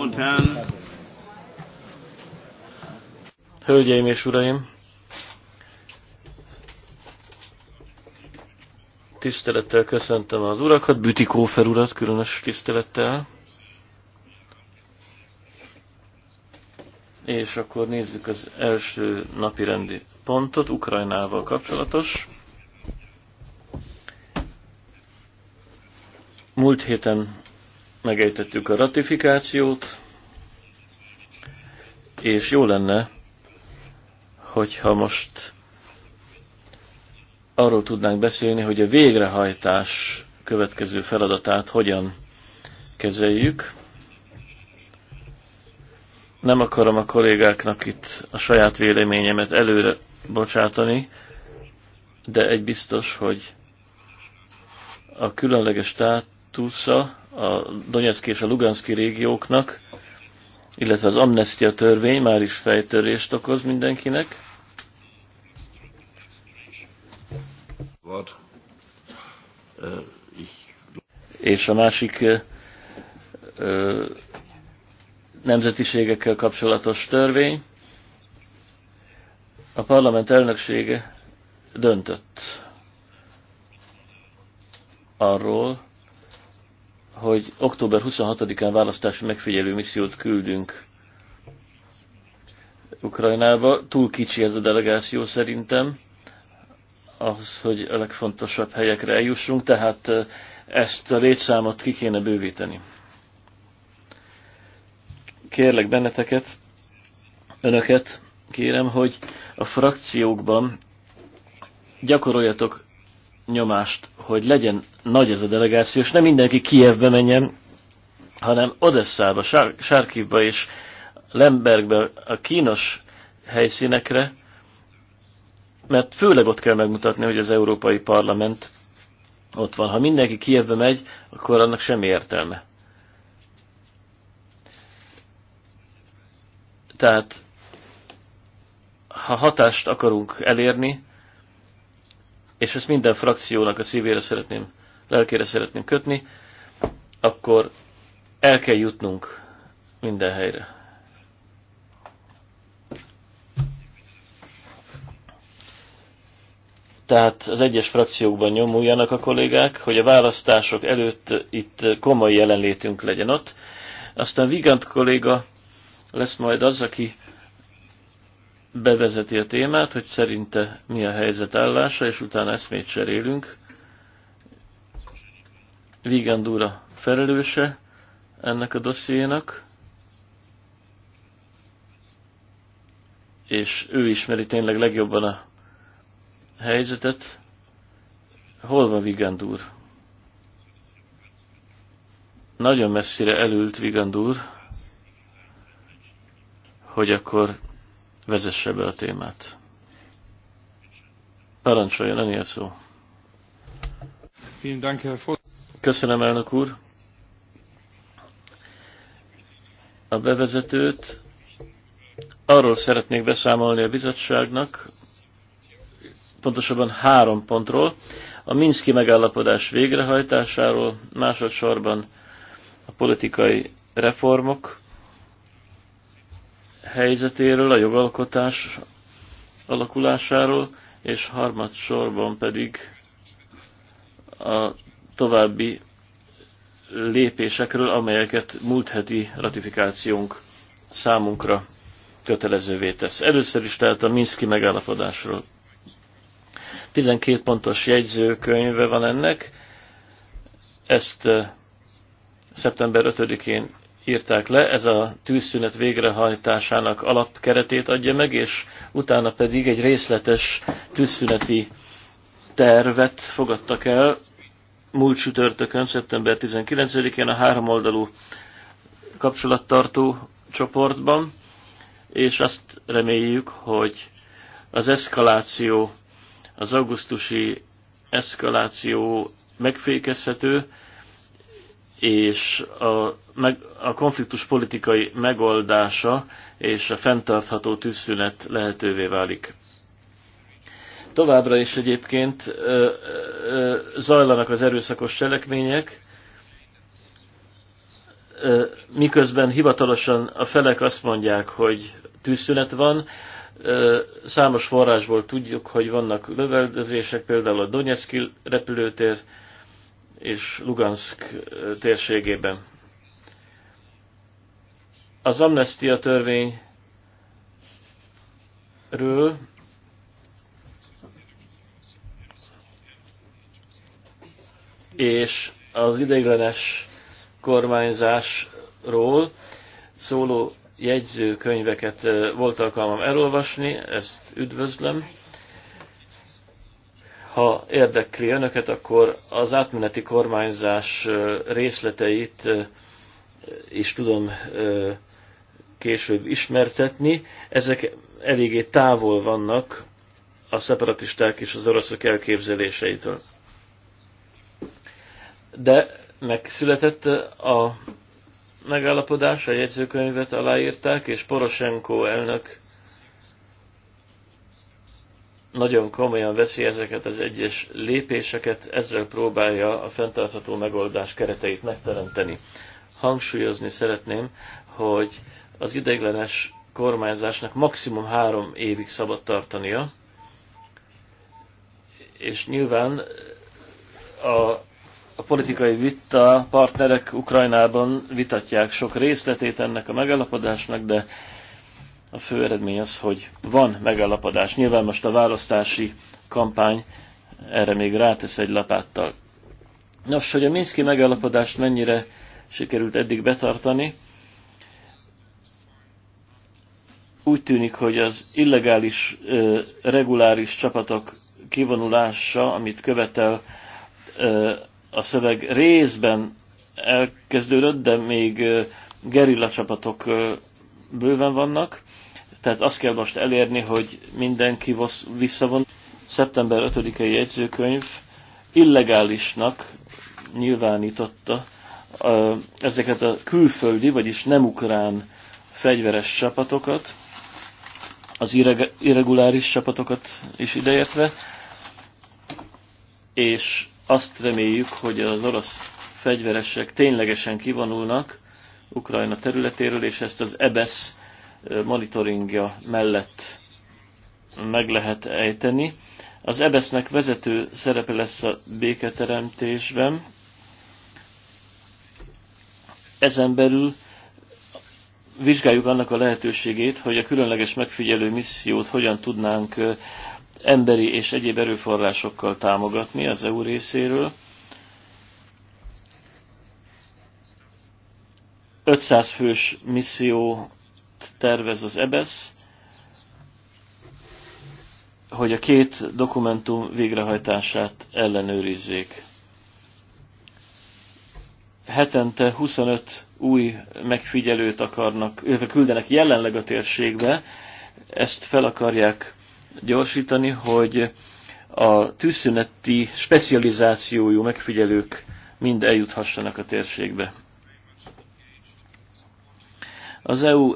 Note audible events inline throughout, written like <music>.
und Herren! Hölgyeim és Uraim! Tisztelettel köszöntöm az urakat, Kófer urat különös tisztelettel. És akkor nézzük az első napi rendi pontot, Ukrajnával kapcsolatos. Múlt héten megejtettük a ratifikációt, és jó lenne, hogyha most arról tudnánk beszélni, hogy a végrehajtás következő feladatát hogyan kezeljük. Nem akarom a kollégáknak itt a saját véleményemet előre bocsátani, de egy biztos, hogy a különleges státus státusza a Donetszki és a Luganszki régióknak, illetve az amnestia törvény már is fejtörést okoz mindenkinek. Äh, és a másik äh, äh, nemzetiségekkel kapcsolatos törvény. A parlament elnöksége döntött arról, hogy október 26-án választási megfigyelő missziót küldünk Ukrajnába. Túl kicsi ez a delegáció szerintem, ahhoz, hogy a legfontosabb helyekre eljussunk, tehát eh, ezt a létszámot ki kéne bővíteni. Kérlek benneteket, önöket, kérem, hogy a frakciókban gyakoroljatok nyomást, hogy legyen nagy ez a delegáció, és nem mindenki Kievbe menjen, hanem Odesszába, Sár- Sárkívba és Lembergbe, a kínos helyszínekre, mert főleg ott kell megmutatni, hogy az Európai Parlament ott van. Ha mindenki Kievbe megy, akkor annak semmi értelme. Tehát, ha hatást akarunk elérni, és ezt minden frakciónak a szívére szeretném, lelkére szeretném kötni, akkor el kell jutnunk minden helyre. Tehát az egyes frakciókban nyomuljanak a kollégák, hogy a választások előtt itt komoly jelenlétünk legyen ott. Aztán Vigant kolléga lesz majd az, aki bevezeti a témát, hogy szerinte mi a helyzet állása, és utána eszmét cserélünk. Vigandúra felelőse ennek a dossziénak, és ő ismeri tényleg legjobban a helyzetet. Hol van Vigandúr? Nagyon messzire elült Vigandúr, hogy akkor vezesse be a témát. Parancsoljon, a szó. Köszönöm, elnök úr. A bevezetőt arról szeretnék beszámolni a bizottságnak, pontosabban három pontról, a Minszki megállapodás végrehajtásáról, másodszorban a politikai reformok helyzetéről, a jogalkotás alakulásáról, és harmadsorban pedig a további lépésekről, amelyeket múlt heti ratifikációnk számunkra kötelezővé tesz. Először is tehát a Minszki megállapodásról. 12 pontos jegyzőkönyve van ennek, ezt eh, szeptember 5-én írták le, ez a tűzszünet végrehajtásának alapkeretét adja meg, és utána pedig egy részletes tűzszüneti tervet fogadtak el múlt csütörtökön, szeptember 19-én a háromoldalú kapcsolattartó csoportban, és azt reméljük, hogy az eszkaláció, az augusztusi eszkaláció megfékezhető, és a, meg, a konfliktus politikai megoldása és a fenntartható tűzszünet lehetővé válik. Továbbra is egyébként ö, ö, zajlanak az erőszakos cselekmények, ö, miközben hivatalosan a felek azt mondják, hogy tűzszünet van, ö, számos forrásból tudjuk, hogy vannak löveldözések, például a Donetszki repülőtér, ö, és Lugansk térségében. Az amnestia törvényről és az ideiglenes kormányzásról szóló jegyzőkönyveket volt alkalmam elolvasni, ezt üdvözlöm. Ha érdekli önöket, akkor az átmeneti kormányzás részleteit is tudom később ismertetni. Ezek eléggé távol vannak a szeparatisták és az oroszok elképzeléseitől. De megszületett a megállapodás, a jegyzőkönyvet aláírták, és Poroshenko elnök nagyon komolyan veszi ezeket az egyes lépéseket, ezzel próbálja a fenntartható megoldás kereteit megteremteni. Hangsúlyozni szeretném, hogy az ideiglenes kormányzásnak maximum három évig szabad tartania, és nyilván a, a politikai vita partnerek Ukrajnában vitatják sok részletét ennek a megalapodásnak, de a fő eredmény az, hogy van megállapodás. Nyilván most a választási kampány erre még rátesz egy lapáttal. Nos, hogy a Minszki megállapodást mennyire sikerült eddig betartani, úgy tűnik, hogy az illegális, reguláris csapatok kivonulása, amit követel a szöveg részben elkezdődött, de még gerilla csapatok bőven vannak, tehát azt kell most elérni, hogy mindenki visszavon. Szeptember 5-i jegyzőkönyv illegálisnak nyilvánította ezeket a külföldi, vagyis nem ukrán fegyveres csapatokat, az irreguláris csapatokat is ideértve, és azt reméljük, hogy az orosz fegyveresek ténylegesen kivonulnak, Ukrajna területéről, és ezt az EBS e monitoringja mellett meg lehet ejteni. Az ebs e nek vezető szerepe lesz a béketeremtésben. Ezen belül vizsgáljuk annak a lehetőségét, hogy a különleges megfigyelő missziót hogyan tudnánk emberi és egyéb erőforrásokkal támogatni az EU részéről 500 fős missziót tervez az EBESZ, hogy a két dokumentum végrehajtását ellenőrizzék. Hetente 25 új megfigyelőt akarnak, illetve küldenek jelenleg a térségbe, ezt fel akarják gyorsítani, hogy a tűzszüneti specializációjú megfigyelők mind eljuthassanak a térségbe. Az EU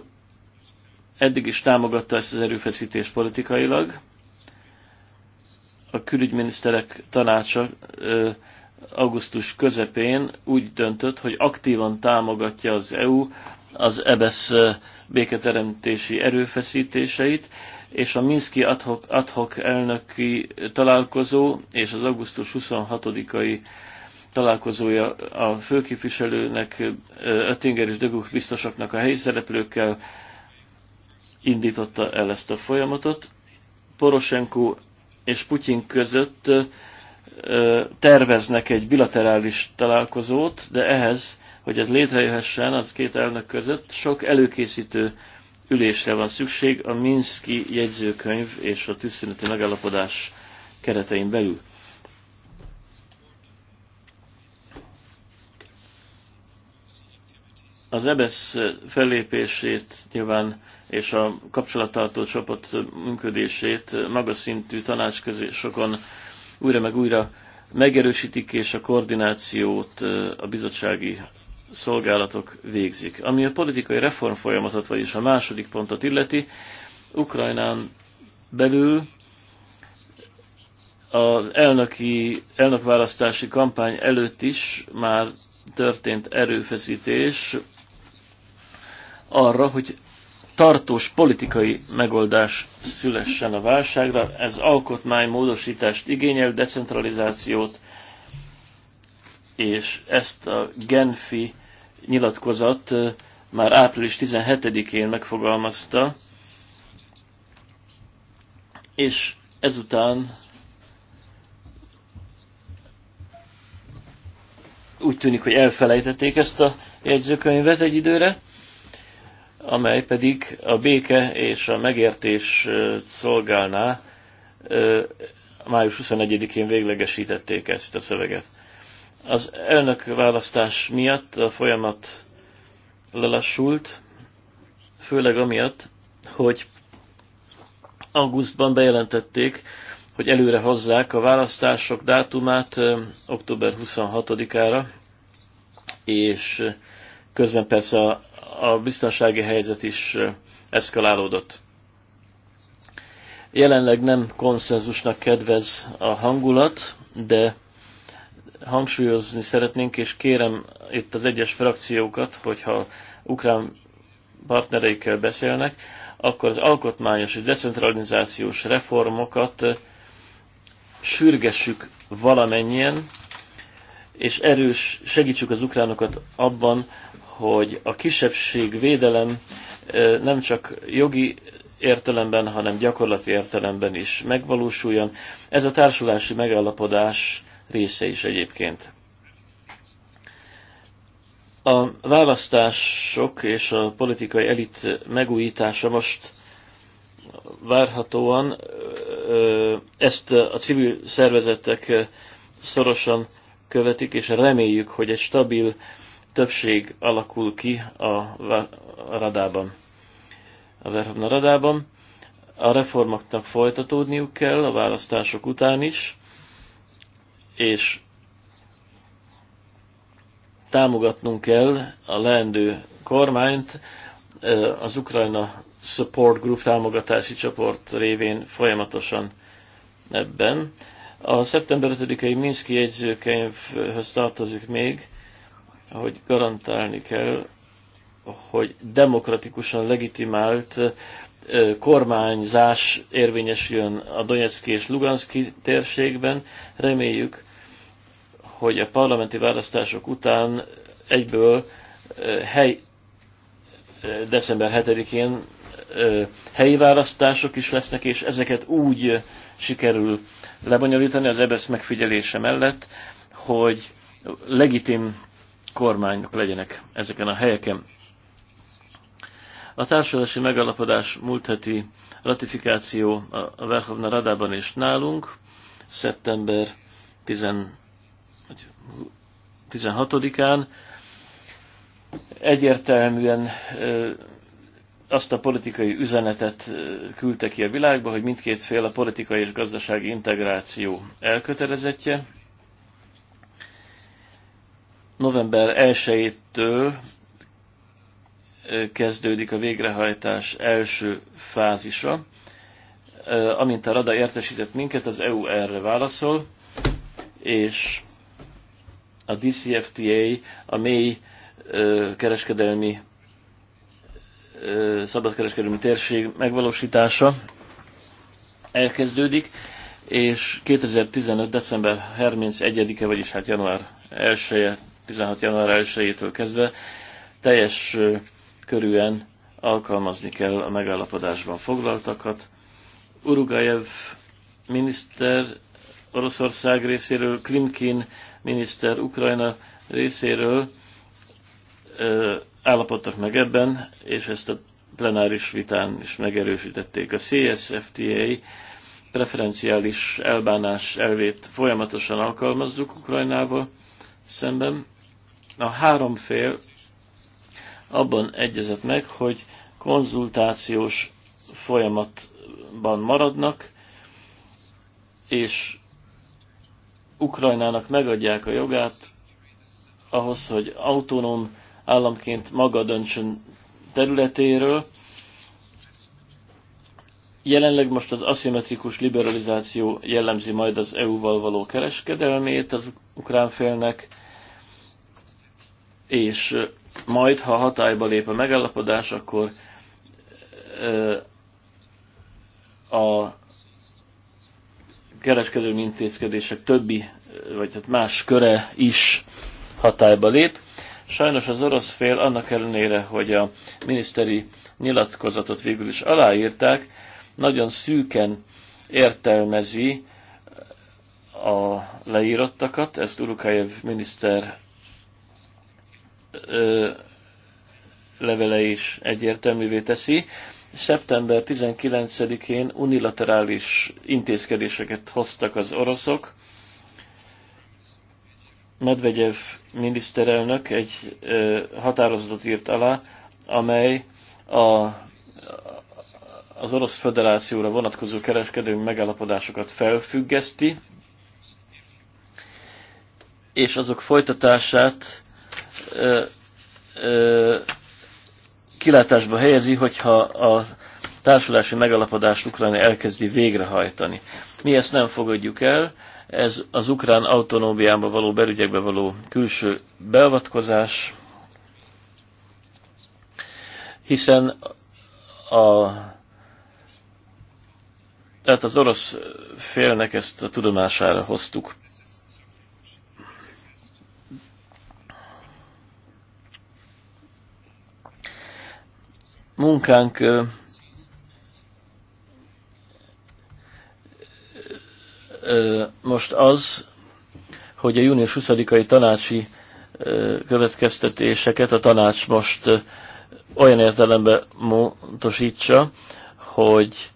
eddig is támogatta ezt az erőfeszítést politikailag. A külügyminiszterek tanácsa augusztus közepén úgy döntött, hogy aktívan támogatja az EU az EBESZ béketeremtési erőfeszítéseit, és a Minszki adhok, adhok elnöki találkozó és az augusztus 26-ai találkozója a főképviselőnek, Öttinger és Döguk biztosaknak a helyi szereplőkkel indította el ezt a folyamatot. Poroshenko és Putyin között terveznek egy bilaterális találkozót, de ehhez, hogy ez létrejöhessen az két elnök között, sok előkészítő ülésre van szükség a Minszki jegyzőkönyv és a tűzszüneti megállapodás keretein belül. Az EBSZ fellépését nyilván és a kapcsolattartó csapat működését magas szintű tanácsközésokon újra meg újra megerősítik, és a koordinációt a bizottsági szolgálatok végzik. Ami a politikai reform folyamatot, vagyis a második pontot illeti, Ukrajnán belül az elnöki, elnökválasztási kampány előtt is már történt erőfeszítés arra, hogy tartós politikai megoldás szülessen a válságra. Ez alkotmánymódosítást igényel, decentralizációt, és ezt a Genfi nyilatkozat már április 17-én megfogalmazta, és ezután úgy tűnik, hogy elfelejtették ezt a jegyzőkönyvet egy időre, amely pedig a béke és a megértés szolgálná. Május 21-én véglegesítették ezt a szöveget. Az elnök választás miatt a folyamat lelassult, főleg amiatt, hogy augusztban bejelentették, hogy előre hozzák a választások dátumát október 26-ára, és közben persze a a biztonsági helyzet is eszkalálódott. Jelenleg nem konszenzusnak kedvez a hangulat, de hangsúlyozni szeretnénk, és kérem itt az egyes frakciókat, hogyha ukrán partnereikkel beszélnek, akkor az alkotmányos és decentralizációs reformokat sürgessük valamennyien, és erős segítsük az ukránokat abban, hogy a kisebbség védelem nem csak jogi értelemben, hanem gyakorlati értelemben is megvalósuljon. Ez a társulási megállapodás része is egyébként. A választások és a politikai elit megújítása most várhatóan ezt a civil szervezetek szorosan követik, és reméljük, hogy egy stabil többség alakul ki a radában, a Verhovna radában. A reformoknak folytatódniuk kell a választások után is, és támogatnunk kell a leendő kormányt eh, az Ukrajna Support Group támogatási csoport révén folyamatosan ebben. A szeptember 5-i Minszki jegyzőkönyvhöz tartozik még, hogy garantálni kell, hogy demokratikusan legitimált kormányzás érvényesüljön a Donetszki és Luganszki térségben. Reméljük, hogy a parlamenti választások után egyből hely, december 7-én helyi választások is lesznek, és ezeket úgy sikerül lebonyolítani az EBSZ e megfigyelése mellett, hogy legitim kormányok legyenek ezeken a helyeken. A társadalmi megállapodás múlt heti ratifikáció a Verhovna Radában és nálunk, szeptember 16-án egyértelműen azt a politikai üzenetet küldte ki a világba, hogy mindkét fél a politikai és gazdasági integráció elkötelezettje. November 1-től kezdődik a végrehajtás első fázisa. Amint a Rada értesített minket, az EU erre válaszol, és a DCFTA a mély kereskedelmi szabadkereskedelmi térség megvalósítása elkezdődik, és 2015. december 31-e, vagyis hát január 1-e, 16. január 1-től kezdve teljes körűen alkalmazni kell a megállapodásban foglaltakat. Urugajev miniszter Oroszország részéről, Klimkin miniszter Ukrajna részéről állapodtak meg ebben, és ezt a plenáris vitán is megerősítették. A CSFTA preferenciális elbánás elvét folyamatosan alkalmazzuk Ukrajnával szemben. A három fél abban egyezett meg, hogy konzultációs folyamatban maradnak, és Ukrajnának megadják a jogát ahhoz, hogy autonóm államként maga döntsön területéről. Jelenleg most az aszimmetrikus liberalizáció jellemzi majd az EU-val való kereskedelmét az ukrán félnek, és majd, ha hatályba lép a megállapodás, akkor a kereskedelmi intézkedések többi, vagy hát más köre is hatályba lép. Sajnos az orosz fél annak ellenére, hogy a miniszteri nyilatkozatot végül is aláírták, nagyon szűken értelmezi a leírottakat, ezt Urukájev miniszter ö, levele is egyértelművé teszi. Szeptember 19-én unilaterális intézkedéseket hoztak az oroszok, Medvegyev miniszterelnök egy határozatot írt alá, amely a, az Orosz Föderációra vonatkozó kereskedelmi megállapodásokat felfüggeszti, és azok folytatását ö, ö, kilátásba helyezi, hogyha a társulási megalapodást Ukrajna elkezdi végrehajtani. Mi ezt nem fogadjuk el, ez az ukrán autonómiába való belügyekbe való külső beavatkozás, hiszen a, tehát az orosz félnek ezt a tudomására hoztuk. Munkánk most az, hogy a június 20-ai tanácsi következtetéseket a tanács most olyan értelemben módosítsa, hogy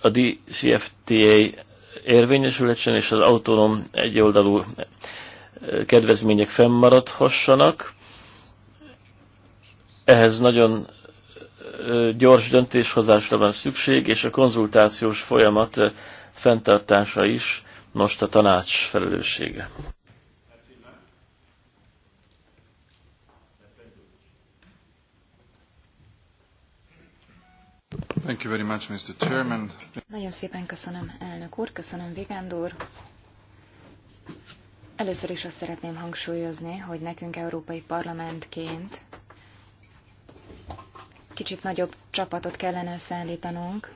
a DCFTA érvényesülhessen, és az autonóm egyoldalú kedvezmények fennmaradhassanak. Ehhez nagyon gyors döntéshozásra van szükség, és a konzultációs folyamat fenntartása is most a tanács felelőssége. Thank you very much, Mr. Chairman. Nagyon szépen köszönöm, elnök úr, köszönöm, Vigánd úr. Először is azt szeretném hangsúlyozni, hogy nekünk európai parlamentként kicsit nagyobb csapatot kellene szállítanunk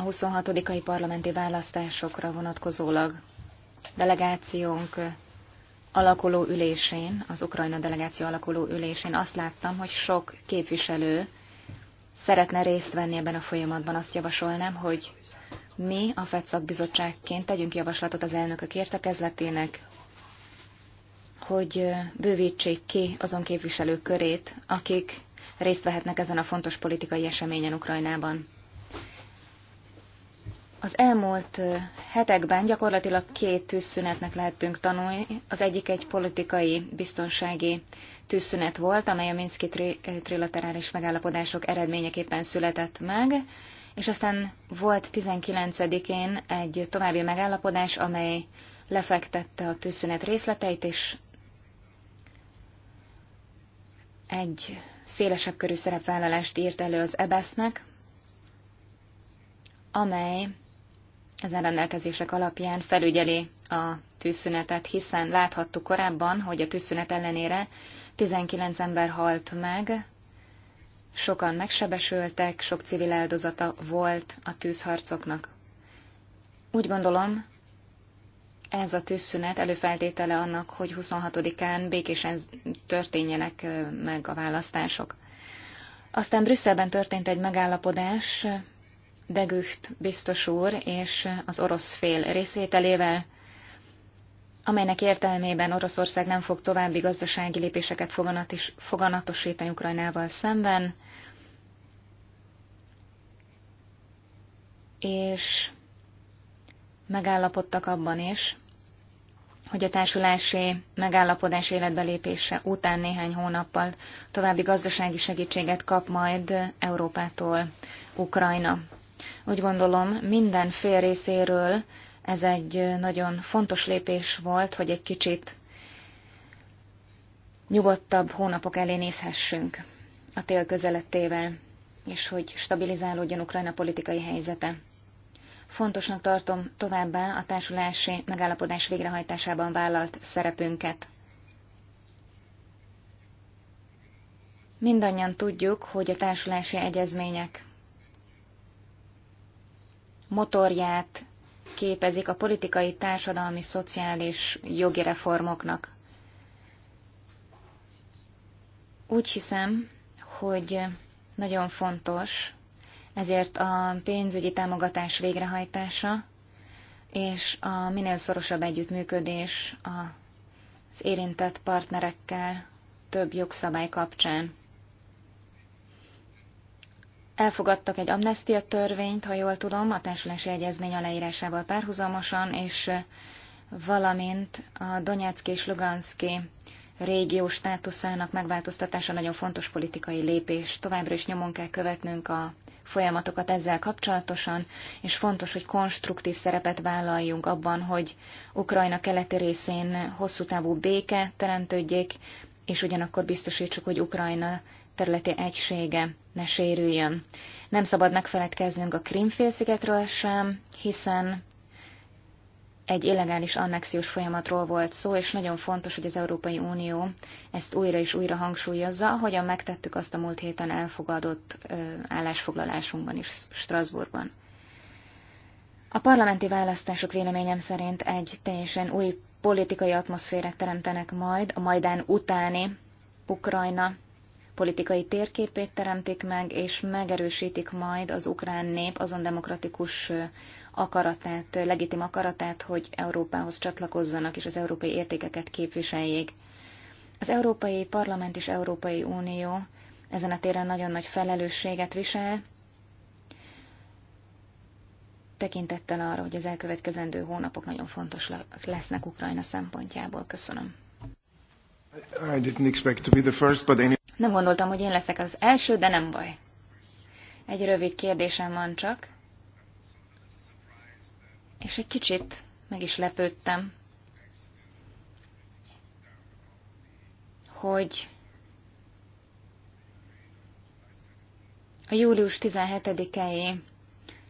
a 26-ai parlamenti választásokra vonatkozólag delegációnk alakuló ülésén, az Ukrajna delegáció alakuló ülésén azt láttam, hogy sok képviselő szeretne részt venni ebben a folyamatban. Azt javasolnám, hogy mi a FED szakbizottságként tegyünk javaslatot az elnökök értekezletének, hogy bővítsék ki azon képviselők körét, akik részt vehetnek ezen a fontos politikai eseményen Ukrajnában. Az elmúlt hetekben gyakorlatilag két tűzszünetnek lehettünk tanulni. Az egyik egy politikai biztonsági tűzszünet volt, amely a Minszki tri- trilaterális megállapodások eredményeképpen született meg, és aztán volt 19-én egy további megállapodás, amely lefektette a tűzszünet részleteit, és egy szélesebb körű szerepvállalást írt elő az EBESZ-nek, amely ezen rendelkezések alapján felügyeli a tűzszünetet, hiszen láthattuk korábban, hogy a tűzszünet ellenére 19 ember halt meg, sokan megsebesültek, sok civil áldozata volt a tűzharcoknak. Úgy gondolom, ez a tűzszünet előfeltétele annak, hogy 26-án békésen történjenek meg a választások. Aztán Brüsszelben történt egy megállapodás Degücht biztos úr és az orosz fél részvételével, amelynek értelmében Oroszország nem fog további gazdasági lépéseket foganat foganatosítani Ukrajnával szemben, és megállapodtak abban is, hogy a társulási megállapodás életbelépése után néhány hónappal további gazdasági segítséget kap majd Európától Ukrajna. Úgy gondolom, minden fél részéről ez egy nagyon fontos lépés volt, hogy egy kicsit nyugodtabb hónapok elé nézhessünk a tél közelettével, és hogy stabilizálódjon Ukrajna politikai helyzete. Fontosnak tartom továbbá a társulási megállapodás végrehajtásában vállalt szerepünket. Mindannyian tudjuk, hogy a társulási egyezmények motorját képezik a politikai, társadalmi, szociális jogi reformoknak. Úgy hiszem, hogy nagyon fontos ezért a pénzügyi támogatás végrehajtása és a minél szorosabb együttműködés az érintett partnerekkel több jogszabály kapcsán. Elfogadtak egy amnestia törvényt, ha jól tudom, a társulási egyezmény aláírásával párhuzamosan, és valamint a Donetsk és Luganszki régió státuszának megváltoztatása nagyon fontos politikai lépés. Továbbra is nyomon kell követnünk a folyamatokat ezzel kapcsolatosan, és fontos, hogy konstruktív szerepet vállaljunk abban, hogy Ukrajna keleti részén hosszú távú béke teremtődjék, és ugyanakkor biztosítsuk, hogy Ukrajna területi egysége ne sérüljön. Nem szabad megfeledkeznünk a Krimfélszigetről sem, hiszen egy illegális annexiós folyamatról volt szó, és nagyon fontos, hogy az Európai Unió ezt újra és újra hangsúlyozza, hogyan megtettük azt a múlt héten elfogadott állásfoglalásunkban is Strasbourgban. A parlamenti választások véleményem szerint egy teljesen új politikai atmoszférát teremtenek majd a Majdán utáni Ukrajna politikai térképét teremtik meg, és megerősítik majd az ukrán nép azon demokratikus akaratát, legitim akaratát, hogy Európához csatlakozzanak és az európai értékeket képviseljék. Az Európai Parlament és Európai Unió ezen a téren nagyon nagy felelősséget visel, tekintettel arra, hogy az elkövetkezendő hónapok nagyon fontos lesznek Ukrajna szempontjából. Köszönöm. I didn't expect to be the first, but any... Nem gondoltam, hogy én leszek az első, de nem baj. Egy rövid kérdésem van csak. És egy kicsit meg is lepődtem, hogy a július 17-i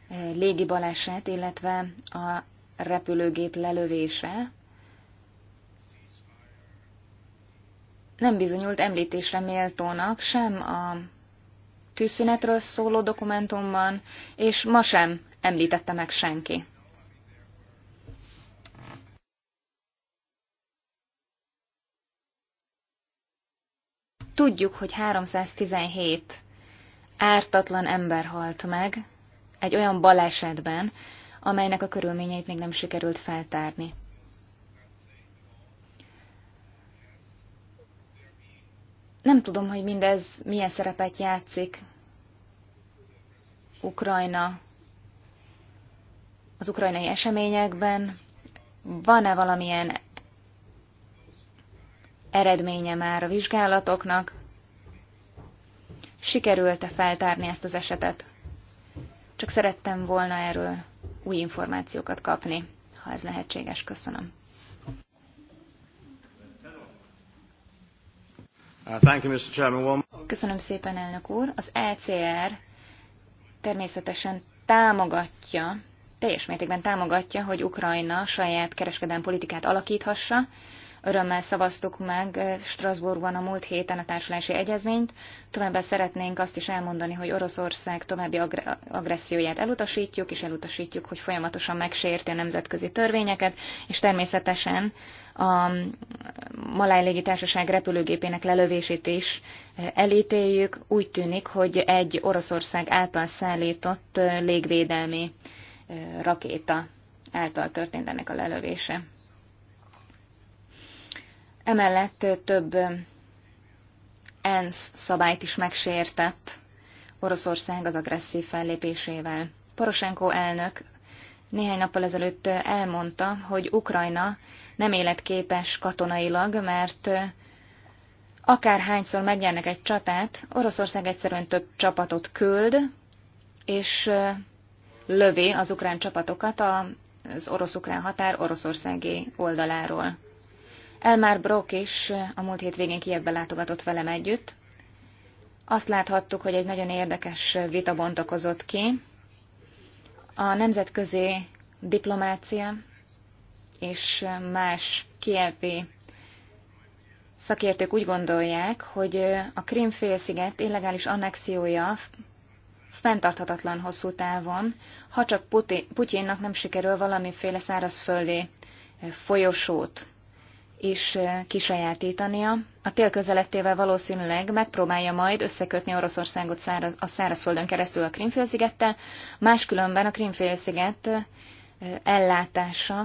eh, légi baleset, illetve a repülőgép lelövése nem bizonyult említésre méltónak sem a tűzszünetről szóló dokumentumban, és ma sem említette meg senki. Tudjuk, hogy 317 ártatlan ember halt meg egy olyan balesetben, amelynek a körülményeit még nem sikerült feltárni. Nem tudom, hogy mindez milyen szerepet játszik Ukrajna az ukrajnai eseményekben. Van-e valamilyen eredménye már a vizsgálatoknak? Sikerült-e feltárni ezt az esetet? Csak szerettem volna erről új információkat kapni, ha ez lehetséges. Köszönöm. Uh, Köszönöm szépen, elnök úr. Az ECR természetesen támogatja, teljes mértékben támogatja, hogy Ukrajna saját kereskedelmi politikát alakíthassa, Örömmel szavaztuk meg eh, Strasbourgban a múlt héten a társulási egyezményt. Továbbá szeretnénk azt is elmondani, hogy Oroszország további agresszióját elutasítjuk, és elutasítjuk, hogy folyamatosan megsérti a nemzetközi törvényeket, és természetesen a mm, Maláj légitársaság repülőgépének lelövését is eh, elítéljük. Úgy tűnik, hogy egy Oroszország által szállított eh, légvédelmi rakéta által történt ennek a lelövése. Emellett több ENSZ szabályt is megsértett Oroszország az agresszív fellépésével. Poroshenko elnök néhány nappal ezelőtt elmondta, hogy Ukrajna nem életképes katonailag, mert akárhányszor megnyernek egy csatát, Oroszország egyszerűen több csapatot küld, és lövi az ukrán csapatokat az orosz-ukrán határ Oroszországi oldaláról. Elmár Brock is a múlt végén Kievbe látogatott velem együtt. Azt láthattuk, hogy egy nagyon érdekes vita bontakozott ki. A nemzetközi diplomácia és más kievi szakértők úgy gondolják, hogy a Krímfélsziget illegális annexiója fenntarthatatlan hosszú távon, ha csak Putyinnak nem sikerül valamiféle szárazföldi folyosót is kisajátítania. A tél közelettével valószínűleg megpróbálja majd összekötni Oroszországot száraz, a szárazföldön keresztül a Krimfélszigettel, máskülönben a Krimfélsziget ellátása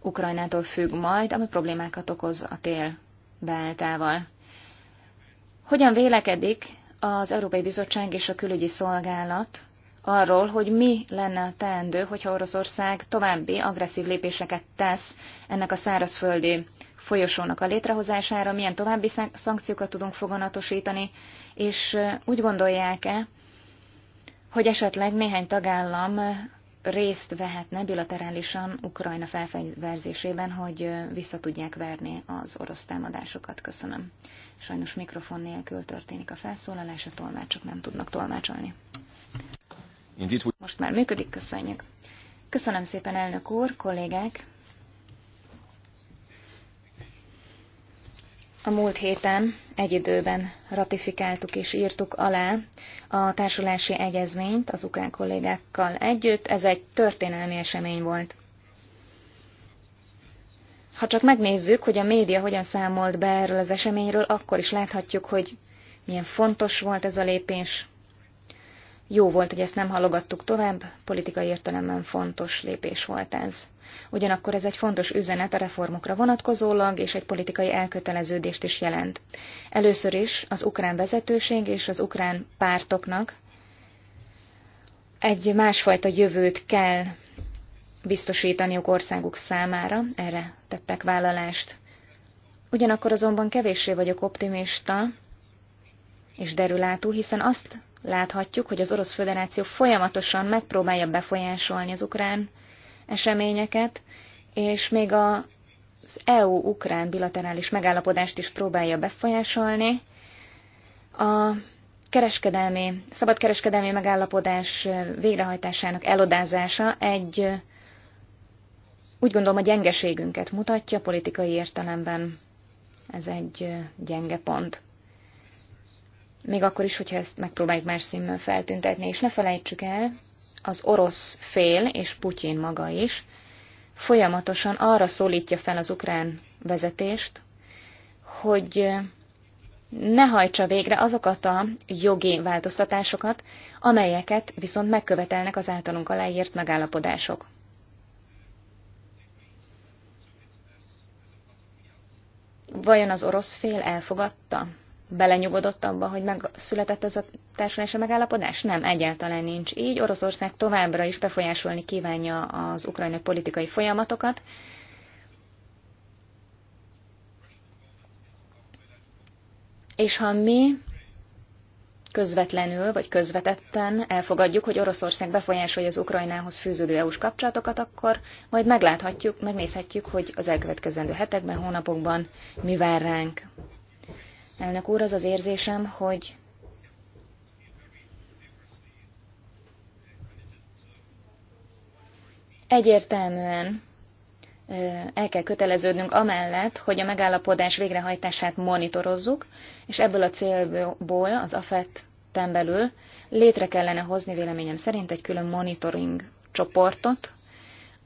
Ukrajnától függ majd, ami problémákat okoz a tél beálltával. Hogyan vélekedik az Európai Bizottság és a Külügyi Szolgálat arról, hogy mi lenne a teendő, hogyha Oroszország további agresszív lépéseket tesz ennek a szárazföldi folyosónak a létrehozására, milyen további szankciókat tudunk foganatosítani, és úgy gondolják-e, hogy esetleg néhány tagállam részt vehetne bilaterálisan Ukrajna felfegyverzésében, hogy vissza tudják verni az orosz támadásokat. Köszönöm. Sajnos mikrofon nélkül történik a felszólalás, a tolmácsok nem tudnak tolmácsolni. Most már működik, köszönjük. Köszönöm szépen, elnök úr, kollégák! A múlt héten egy időben ratifikáltuk és írtuk alá a társulási egyezményt az ukrán kollégákkal együtt. Ez egy történelmi esemény volt. Ha csak megnézzük, hogy a média hogyan számolt be erről az eseményről, akkor is láthatjuk, hogy milyen fontos volt ez a lépés, jó volt, hogy ezt nem halogattuk tovább, politikai értelemben fontos lépés volt ez. Ugyanakkor ez egy fontos üzenet a reformokra vonatkozólag, és egy politikai elköteleződést is jelent. Először is az ukrán vezetőség és az ukrán pártoknak egy másfajta jövőt kell biztosítaniuk országuk számára, erre tettek vállalást. Ugyanakkor azonban kevéssé vagyok optimista és derülátó, hiszen azt Láthatjuk, hogy az Orosz Föderáció folyamatosan megpróbálja befolyásolni az ukrán eseményeket, és még az EU-ukrán bilaterális megállapodást is próbálja befolyásolni. A kereskedelmi, szabadkereskedelmi megállapodás végrehajtásának elodázása egy úgy gondolom a gyengeségünket mutatja politikai értelemben. Ez egy gyenge pont még akkor is, hogyha ezt megpróbáljuk más színben feltüntetni, és ne felejtsük el, az orosz fél és Putyin maga is folyamatosan arra szólítja fel az ukrán vezetést, hogy ne hajtsa végre azokat a jogi változtatásokat, amelyeket viszont megkövetelnek az általunk aláírt megállapodások. Vajon az orosz fél elfogadta? belenyugodott abba, hogy megszületett ez a társulási megállapodás? Nem, egyáltalán nincs így. Oroszország továbbra is befolyásolni kívánja az ukrajnai politikai folyamatokat. És ha mi közvetlenül vagy közvetetten elfogadjuk, hogy Oroszország befolyásolja az Ukrajnához fűződő EU-s kapcsolatokat, akkor majd megláthatjuk, megnézhetjük, hogy az elkövetkezendő hetekben, hónapokban mi vár ránk. Elnök úr, az az érzésem, hogy egyértelműen el kell köteleződnünk amellett, hogy a megállapodás végrehajtását monitorozzuk, és ebből a célból az AFET-ten belül létre kellene hozni véleményem szerint egy külön monitoring csoportot,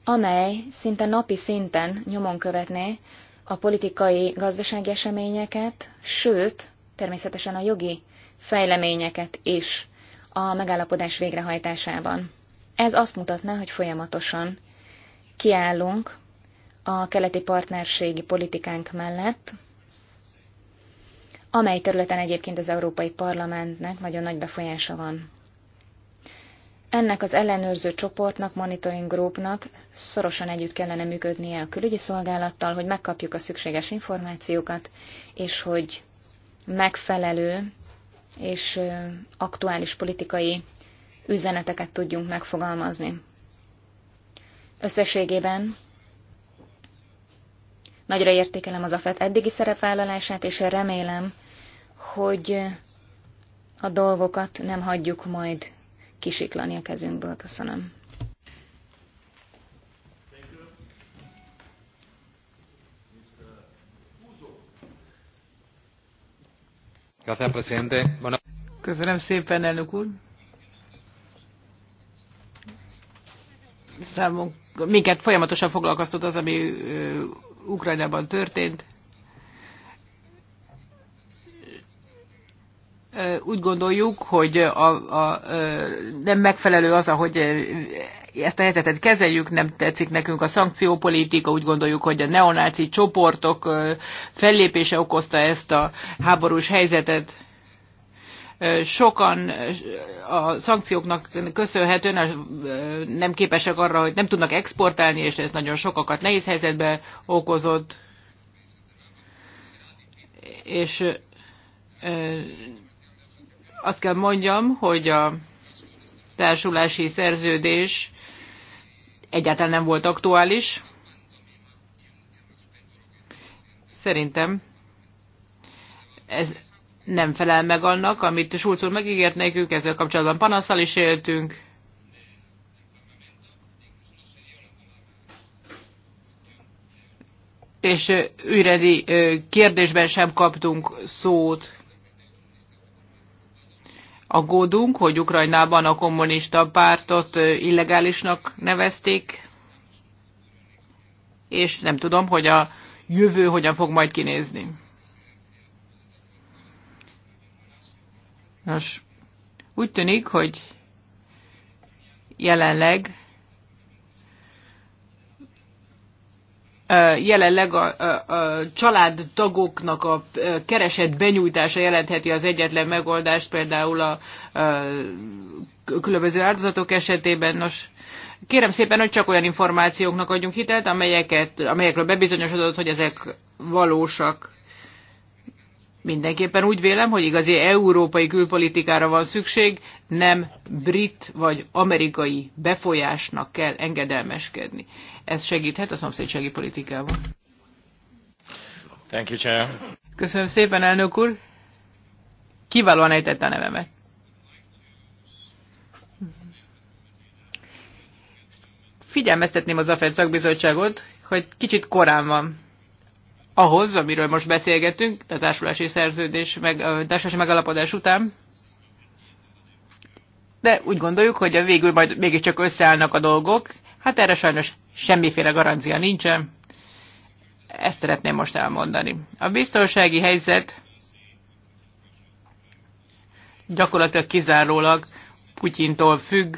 amely szinte napi szinten nyomon követné, a politikai gazdasági eseményeket, sőt, természetesen a jogi fejleményeket is a megállapodás végrehajtásában. Ez azt mutatná, hogy folyamatosan kiállunk a keleti partnerségi politikánk mellett, amely területen egyébként az Európai Parlamentnek nagyon nagy befolyása van. Ennek az ellenőrző csoportnak, monitoring groupnak szorosan együtt kellene működnie a külügyi szolgálattal, hogy megkapjuk a szükséges információkat, és hogy megfelelő és aktuális politikai üzeneteket tudjunk megfogalmazni. Összességében nagyra értékelem az AFET eddigi szerepvállalását, és remélem, hogy a dolgokat nem hagyjuk majd kisiklani a kezünkből. Köszönöm. Köszönöm szépen, elnök úr. Számunk, minket folyamatosan foglalkoztat az, ami Ukrajnában történt. úgy gondoljuk, hogy a, a, nem megfelelő az, ahogy ezt a helyzetet kezeljük, nem tetszik nekünk a szankciópolitika, úgy gondoljuk, hogy a neonáci csoportok fellépése okozta ezt a háborús helyzetet. Sokan a szankcióknak köszönhetően nem képesek arra, hogy nem tudnak exportálni, és ez nagyon sokakat nehéz helyzetbe okozott. És azt kell mondjam, hogy a társulási szerződés egyáltalán nem volt aktuális. Szerintem ez nem felel meg annak, amit Schulz úr megígért nekünk, ezzel kapcsolatban panaszsal is éltünk. És ügyrendi kérdésben sem kaptunk szót aggódunk, hogy Ukrajnában a kommunista pártot illegálisnak nevezték, és nem tudom, hogy a jövő hogyan fog majd kinézni. Nos, úgy tűnik, hogy jelenleg jelenleg a, a, a családtagoknak a keresett benyújtása jelentheti az egyetlen megoldást, például a, a különböző áldozatok esetében. Nos, kérem szépen, hogy csak olyan információknak adjunk hitelt, amelyeket, amelyekről bebizonyosodott, hogy ezek valósak. Mindenképpen úgy vélem, hogy igazi európai külpolitikára van szükség, nem brit vagy amerikai befolyásnak kell engedelmeskedni. Ez segíthet a szomszédsági politikában. Thank you, Chair. Köszönöm szépen, elnök úr. Kiválóan ejtette a nevemet. Figyelmeztetném az AFED szakbizottságot, hogy kicsit korán van ahhoz, amiről most beszélgetünk, a társulási szerződés, meg a társulási megalapodás után, de úgy gondoljuk, hogy a végül majd mégiscsak összeállnak a dolgok. Hát erre sajnos semmiféle garancia nincsen. Ezt szeretném most elmondani. A biztonsági helyzet gyakorlatilag kizárólag Putyintól függ,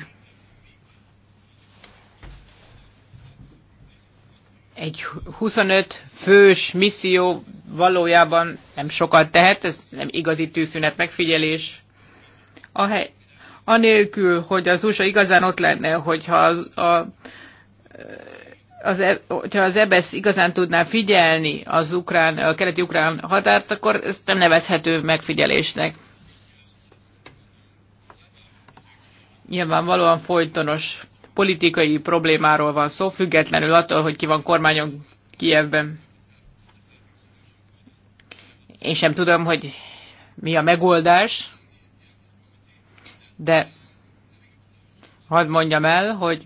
egy 25 fős misszió valójában nem sokat tehet, ez nem igazi tűzszünet megfigyelés. A hely, anélkül, hogy az USA igazán ott lenne, hogyha az, a, az, e, hogyha az EBSZ e igazán tudná figyelni az ukrán, a keleti ukrán határt, akkor ezt nem nevezhető megfigyelésnek. Nyilvánvalóan folytonos politikai problémáról van szó, függetlenül attól, hogy ki van kormányon Kievben. Én sem tudom, hogy mi a megoldás, de hadd mondjam el, hogy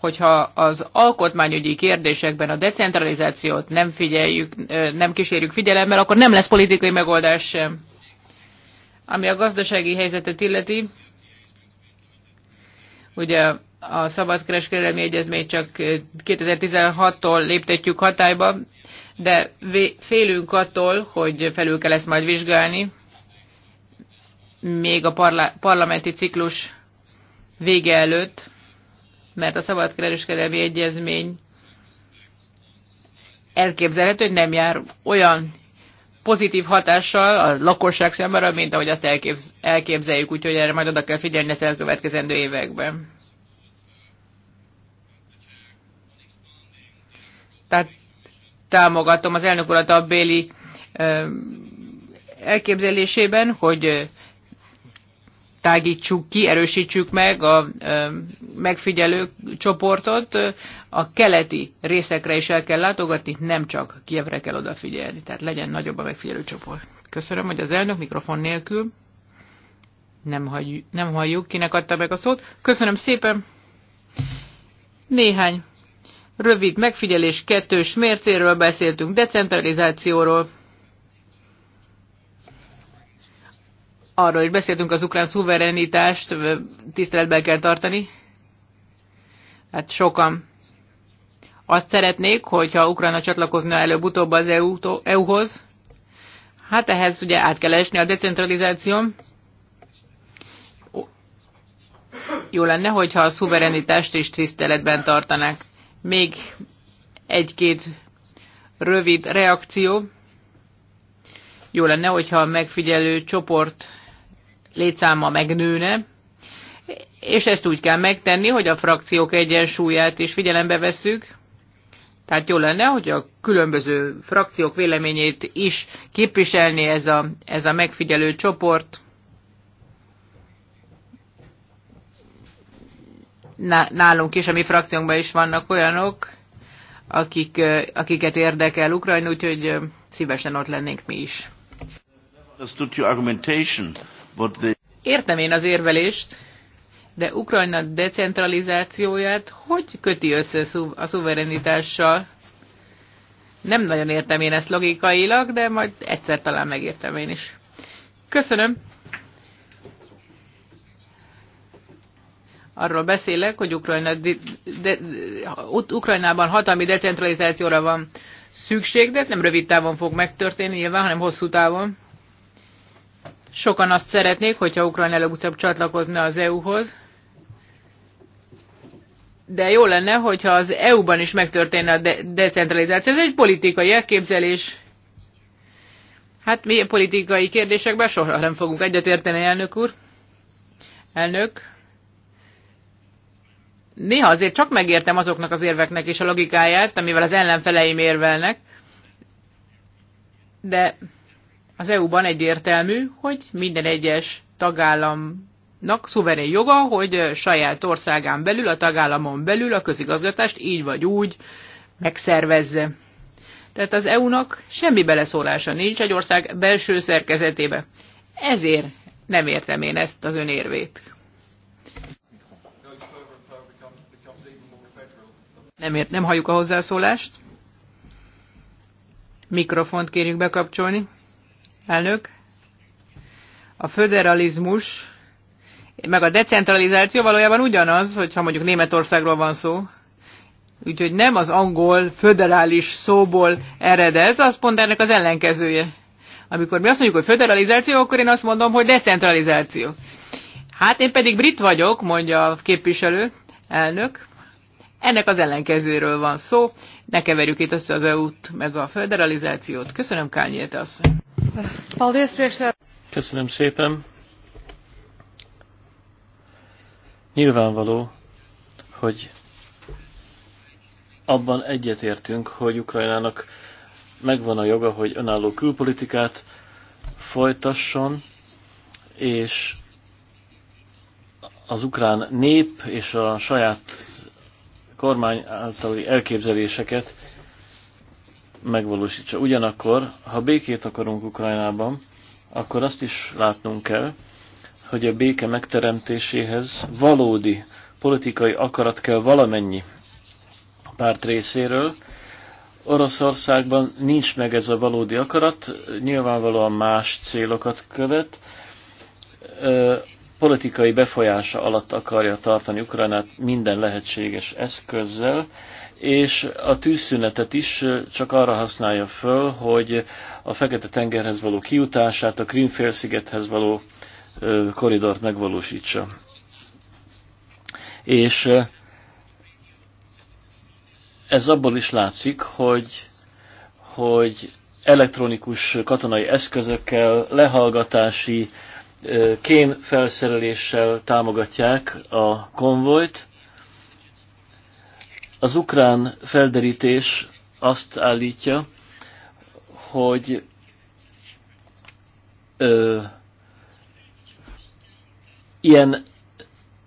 hogyha az alkotmányügyi kérdésekben a decentralizációt nem figyeljük, nem kísérjük figyelemmel, akkor nem lesz politikai megoldás sem. Ami a gazdasági helyzetet illeti, Ugye a szabadkereskedelmi egyezmény csak 2016-tól léptetjük hatályba, de félünk attól, hogy felül kell ezt majd vizsgálni, még a parla parlamenti ciklus vége előtt, mert a szabadkereskedelmi egyezmény elképzelhető, hogy nem jár olyan pozitív hatással a lakosság számára, mint ahogy azt elképz, elképzeljük, úgyhogy erre majd oda kell figyelni az elkövetkezendő években. Tehát támogatom az elnök urat a Béli elképzelésében, hogy tágítsuk ki, erősítsük meg a megfigyelő csoportot, a keleti részekre is el kell látogatni, nem csak Kievre kell odafigyelni, tehát legyen nagyobb a megfigyelő csoport. Köszönöm, hogy az elnök mikrofon nélkül. Nem, hagy, nem halljuk, kinek adta meg a szót. Köszönöm szépen. Néhány rövid megfigyelés kettős mércéről beszéltünk, decentralizációról, arról is beszéltünk, az ukrán szuverenitást tiszteletben kell tartani. Hát sokan azt szeretnék, hogyha Ukrajna csatlakozna előbb-utóbb az EU-hoz. Hát ehhez ugye át kell esni a decentralizáció. Jó lenne, hogyha a szuverenitást is tiszteletben tartanák. Még egy-két rövid reakció. Jó lenne, hogyha a megfigyelő csoport létszáma megnőne, és ezt úgy kell megtenni, hogy a frakciók egyensúlyát is figyelembe vesszük. Tehát jó lenne, hogy a különböző frakciók véleményét is képviselni ez a, ez a megfigyelő csoport. Nálunk is, a mi frakciónkban is vannak olyanok, akik, akiket érdekel Ukrajna, úgyhogy szívesen ott lennénk mi is. Értem én az érvelést, de Ukrajna decentralizációját hogy köti össze a szuverenitással? Nem nagyon értem én ezt logikailag, de majd egyszer talán megértem én is. Köszönöm! Arról beszélek, hogy Ukrajna de, de, Ukrajnában hatalmi decentralizációra van szükség, de ez nem rövid távon fog megtörténni nyilván, hanem hosszú távon. Sokan azt szeretnék, hogyha Ukrajna előbb-utóbb csatlakozna az EU-hoz, de jó lenne, hogyha az EU-ban is megtörténne a de- decentralizáció. Ez egy politikai elképzelés. Hát mi politikai kérdésekben soha nem fogunk egyetérteni, elnök úr. Elnök. Néha azért csak megértem azoknak az érveknek és a logikáját, amivel az ellenfeleim érvelnek. De az EU-ban egyértelmű, hogy minden egyes tagállamnak szuverén joga, hogy saját országán belül, a tagállamon belül a közigazgatást így vagy úgy megszervezze. Tehát az EU-nak semmi beleszólása nincs egy ország belső szerkezetébe. Ezért nem értem én ezt az önérvét. Nem, ért, nem halljuk a hozzászólást. Mikrofont kérjük bekapcsolni. Elnök, a föderalizmus meg a decentralizáció valójában ugyanaz, hogyha mondjuk Németországról van szó. Úgyhogy nem az angol föderális szóból ered ez, az pont ennek az ellenkezője. Amikor mi azt mondjuk, hogy föderalizáció, akkor én azt mondom, hogy decentralizáció. Hát én pedig brit vagyok, mondja a képviselő, elnök. Ennek az ellenkezőről van szó. Ne keverjük itt össze az EU-t, meg a föderalizációt. Köszönöm, Kányét asszony. Köszönöm szépen. Nyilvánvaló, hogy abban egyetértünk, hogy Ukrajnának megvan a joga, hogy önálló külpolitikát folytasson, és az ukrán nép és a saját kormány általi elképzeléseket megvalósítsa. Ugyanakkor, ha békét akarunk Ukrajnában, akkor azt is látnunk kell, hogy a béke megteremtéséhez valódi politikai akarat kell valamennyi párt részéről. Oroszországban nincs meg ez a valódi akarat, nyilvánvalóan más célokat követ, politikai befolyása alatt akarja tartani Ukrajnát minden lehetséges eszközzel, és a tűzszünetet is csak arra használja föl, hogy a Fekete-tengerhez való kiutását a Krimfélszigethez való koridort megvalósítsa. És ez abból is látszik, hogy, hogy elektronikus katonai eszközökkel, lehallgatási kémfelszereléssel támogatják a konvojt, az ukrán felderítés azt állítja, hogy ö, ilyen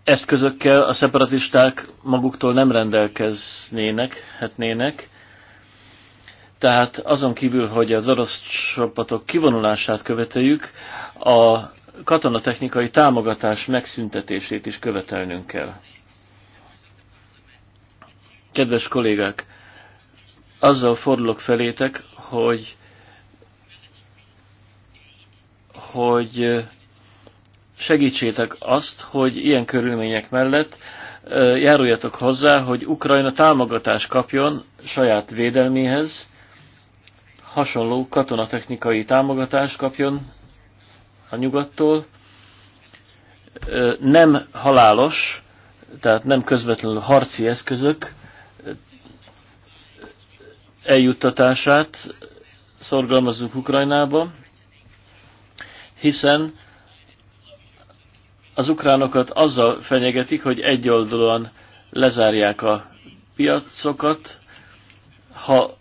eszközökkel a szeparatisták maguktól nem rendelkeznének, hetnének. Tehát azon kívül, hogy az orosz csapatok kivonulását követeljük, a katonatechnikai támogatás megszüntetését is követelnünk kell. Kedves kollégák, azzal fordulok felétek, hogy hogy segítsétek azt, hogy ilyen körülmények mellett járuljatok hozzá, hogy Ukrajna támogatást kapjon saját védelméhez, hasonló katonatechnikai támogatást kapjon a nyugattól, nem halálos, tehát nem közvetlenül harci eszközök eljuttatását szorgalmazzuk Ukrajnába, hiszen az ukránokat azzal fenyegetik, hogy egyoldalúan lezárják a piacokat. Ha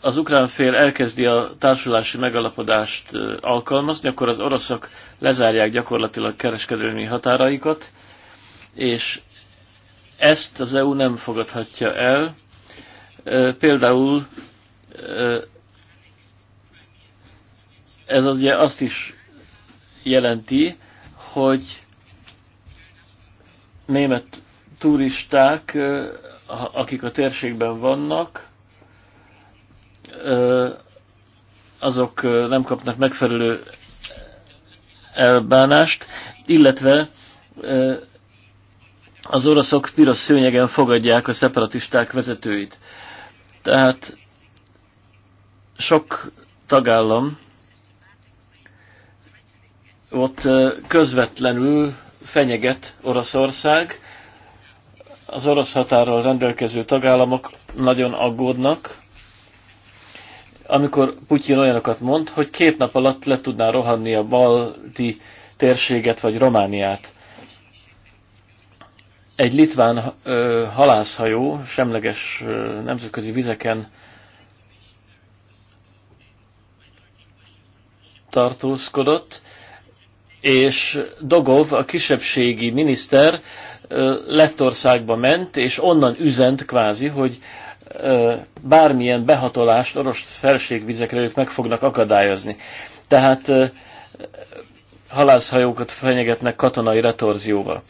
az ukrán fél elkezdi a társulási megalapodást alkalmazni, akkor az oroszok lezárják gyakorlatilag kereskedelmi határaikat, és ezt az EU nem fogadhatja el. Például ez ugye azt is jelenti, hogy német turisták, akik a térségben vannak, azok nem kapnak megfelelő elbánást, illetve az oroszok piros szőnyegen fogadják a szeparatisták vezetőit. Tehát sok tagállam ott közvetlenül fenyeget Oroszország, az orosz határral rendelkező tagállamok nagyon aggódnak, amikor Putyin olyanokat mond, hogy két nap alatt le tudná rohanni a balti térséget vagy Romániát egy litván ö, halászhajó semleges ö, nemzetközi vizeken tartózkodott, és Dogov, a kisebbségi miniszter Lettországba ment, és onnan üzent kvázi, hogy bármilyen behatolást orosz felségvizekre ők meg fognak akadályozni. Tehát halászhajókat fenyegetnek katonai retorzióval.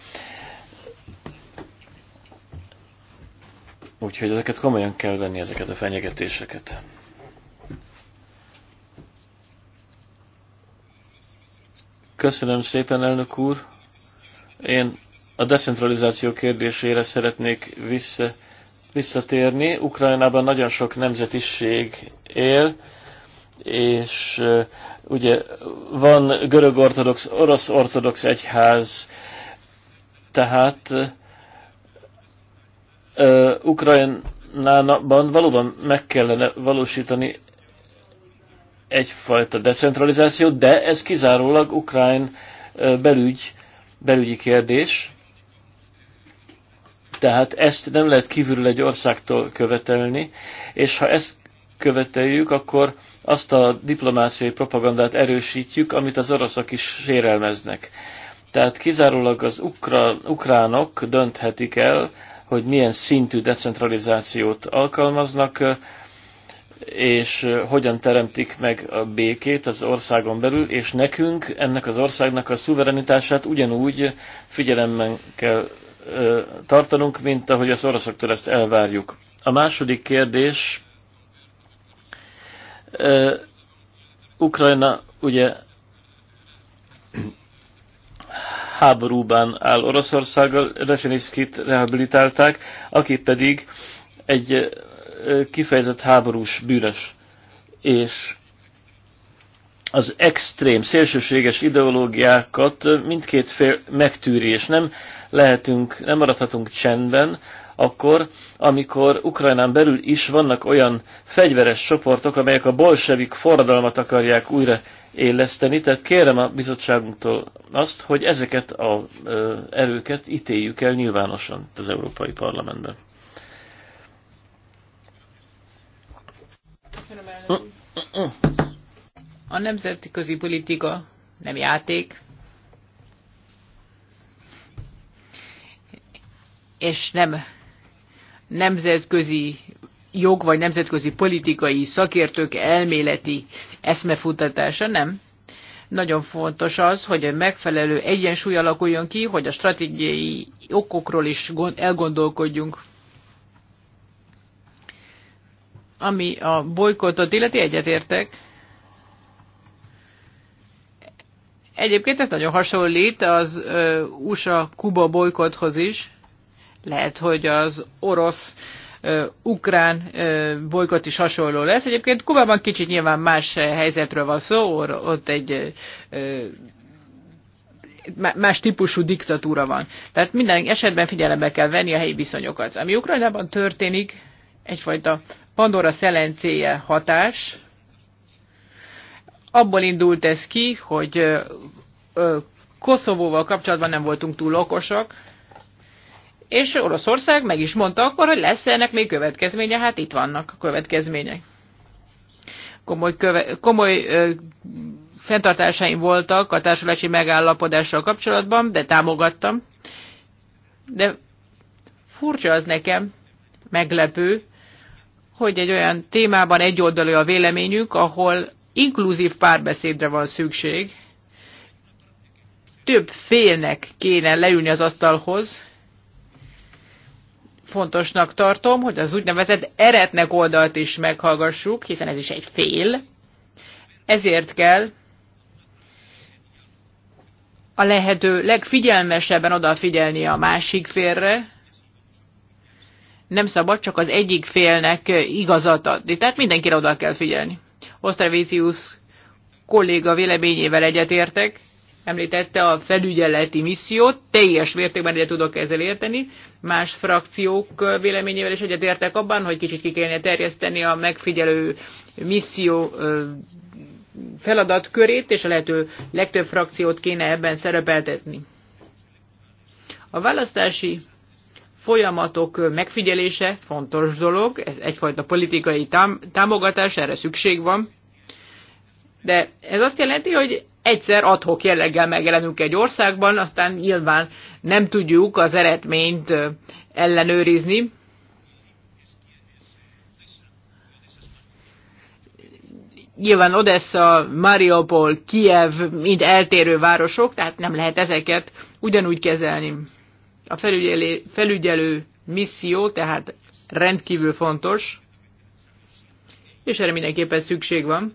Úgyhogy ezeket komolyan kell venni, ezeket a fenyegetéseket. Köszönöm szépen, elnök úr. Én a decentralizáció kérdésére szeretnék vissza, visszatérni. Ukrajnában nagyon sok nemzetiség él, és uh, ugye van görög ortodox, orosz ortodox egyház, tehát uh, Ukrajnában valóban meg kellene valósítani egyfajta decentralizációt, de ez kizárólag Ukrajn belügy, belügyi kérdés. Tehát ezt nem lehet kívülről egy országtól követelni, és ha ezt követeljük, akkor azt a diplomáciai propagandát erősítjük, amit az oroszok is sérelmeznek. Tehát kizárólag az ukra, ukránok dönthetik el, hogy milyen szintű decentralizációt alkalmaznak, és hogyan teremtik meg a békét az országon belül, és nekünk, ennek az országnak a szuverenitását ugyanúgy figyelemmel kell tartanunk, mint ahogy az oroszoktól ezt elvárjuk. A második kérdés, Ukrajna ugye háborúban áll Oroszországgal, Refinitskit rehabilitálták, aki pedig egy kifejezett háborús bűnös. És az extrém, szélsőséges ideológiákat mindkét fél megtűri, és nem lehetünk, nem maradhatunk csendben, akkor, amikor Ukrajnán belül is vannak olyan fegyveres csoportok, amelyek a bolsevik forradalmat akarják újra éleszteni, tehát kérem a bizottságunktól azt, hogy ezeket az erőket ítéljük el nyilvánosan az Európai Parlamentben. Köszönöm, a nemzetközi politika nem játék, és nem nemzetközi jog vagy nemzetközi politikai szakértők elméleti eszmefutatása, nem. Nagyon fontos az, hogy a megfelelő egyensúly alakuljon ki, hogy a stratégiai okokról is elgondolkodjunk. Ami a bolykottot illeti, egyetértek, Egyébként ez nagyon hasonlít az USA-Kuba bolykothoz is. Lehet, hogy az orosz ukrán bolykot is hasonló lesz. Egyébként Kubában kicsit nyilván más helyzetről van szó, ott egy más típusú diktatúra van. Tehát minden esetben figyelembe kell venni a helyi viszonyokat. Ami Ukrajnában történik, egyfajta Pandora szelencéje hatás, abból indult ez ki, hogy Koszovóval kapcsolatban nem voltunk túl okosak, és Oroszország meg is mondta akkor, hogy lesz ennek még következménye, hát itt vannak a következmények. Komoly, köve, komoly ö, fenntartásaim voltak a társulási megállapodással kapcsolatban, de támogattam. De furcsa az nekem, meglepő, hogy egy olyan témában egyoldalú a véleményük, ahol inkluzív párbeszédre van szükség. Több félnek kéne leülni az asztalhoz. Fontosnak tartom, hogy az úgynevezett eretnek oldalt is meghallgassuk, hiszen ez is egy fél. Ezért kell a lehető legfigyelmesebben odafigyelni a másik félre, nem szabad csak az egyik félnek igazat adni. Tehát mindenkire oda kell figyelni. Osztravíciusz kolléga véleményével egyetértek, említette a felügyeleti missziót, teljes mértékben egyet tudok ezzel érteni. Más frakciók véleményével is egyetértek abban, hogy kicsit ki kellene terjeszteni a megfigyelő misszió feladatkörét, és a lehető legtöbb frakciót kéne ebben szerepeltetni. A választási folyamatok megfigyelése fontos dolog, ez egyfajta politikai tám támogatás, erre szükség van, de ez azt jelenti, hogy egyszer adhok jelleggel megjelenünk egy országban, aztán nyilván nem tudjuk az eredményt ellenőrizni. Nyilván Odessa, Mariupol, Kiev mind eltérő városok, tehát nem lehet ezeket ugyanúgy kezelni. A felügyelő, felügyelő misszió tehát rendkívül fontos, és erre mindenképpen szükség van.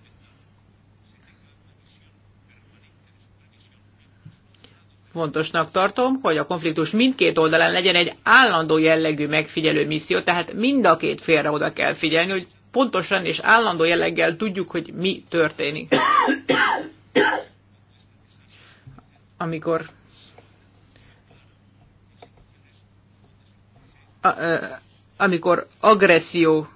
Fontosnak tartom, hogy a konfliktus mindkét oldalán legyen egy állandó jellegű megfigyelő misszió, tehát mind a két félre oda kell figyelni, hogy pontosan és állandó jelleggel tudjuk, hogy mi történik. <coughs> Amikor amikor agresszió